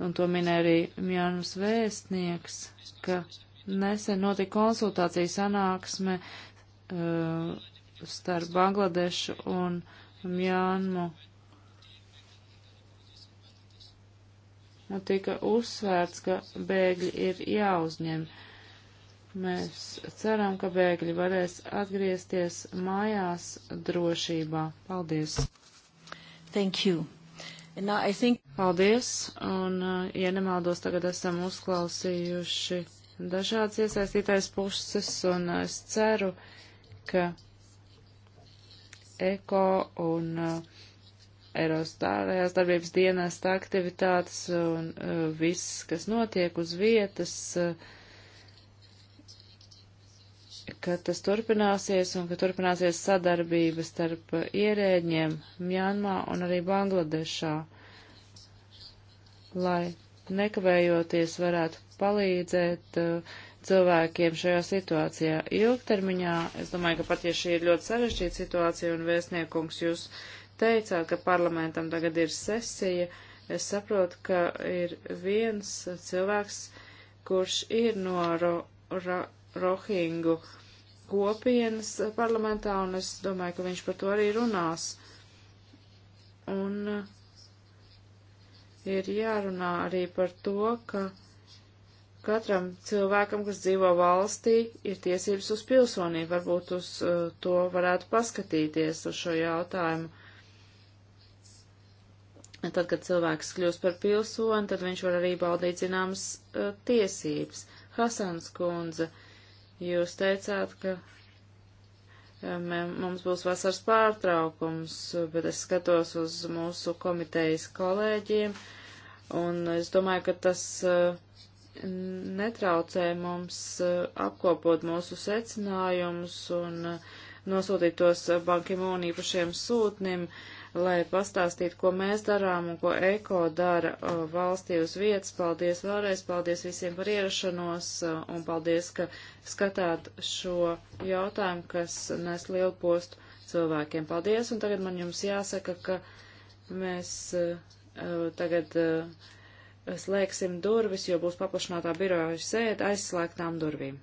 un to minēja arī Mjānus vēstnieks, ka nesen notika konsultācija sanāksme uh, starp Bangladešu un Mjānmu. Un tika uzsvērts, ka bēgļi ir jāuzņem. Mēs ceram, ka bēgļi varēs atgriezties mājās drošībā. Paldies! Thank you. Think... Paldies, un, uh, ja nemaldos, tagad esam uzklausījuši dažādas iesaistītais puses, un es ceru, ka eko un uh, Eirostārējās darbības dienesta aktivitātes un uh, viss, kas notiek uz vietas, uh, ka tas turpināsies un ka turpināsies sadarbība starp ierēģiem Mjanmā un arī Bangladešā, lai nekavējoties varētu palīdzēt uh, cilvēkiem šajā situācijā. Ilgtermiņā, es domāju, ka pat ja šī ir ļoti sarežģīta situācija un vēstniekums jūs teicāt, ka parlamentam tagad ir sesija, es saprotu, ka ir viens cilvēks, kurš ir no Ro, Ra, Rohingu kopienas parlamentā, un es domāju, ka viņš par to arī runās. Un uh, ir jārunā arī par to, ka katram cilvēkam, kas dzīvo valstī, ir tiesības uz pilsonību. Varbūt uz uh, to varētu paskatīties uz šo jautājumu. Tad, kad cilvēks kļūst par pilsoni, tad viņš var arī baudīt zināmas uh, tiesības. Hasans kundze, uh, Jūs teicāt, ka e, mums būs vasaras pārtraukums, bet es skatos uz mūsu komitejas kolēģiem, un es domāju, ka tas e, netraucē mums e, apkopot mūsu secinājumus un nosūtīt tos bankim un īpašiem sūtnim. Uh, lai pastāstītu, ko mēs darām un ko ECO dara uh, valstī uz vietas. Paldies vēlreiz, paldies visiem par ierašanos uh, un paldies, ka skatāt šo jautājumu, kas nes lielu postu cilvēkiem. Paldies, un tagad man jums jāsaka, ka mēs uh, tagad slēgsim durvis, jo būs paplašinātā biroja sēde aizslēgtām durvīm.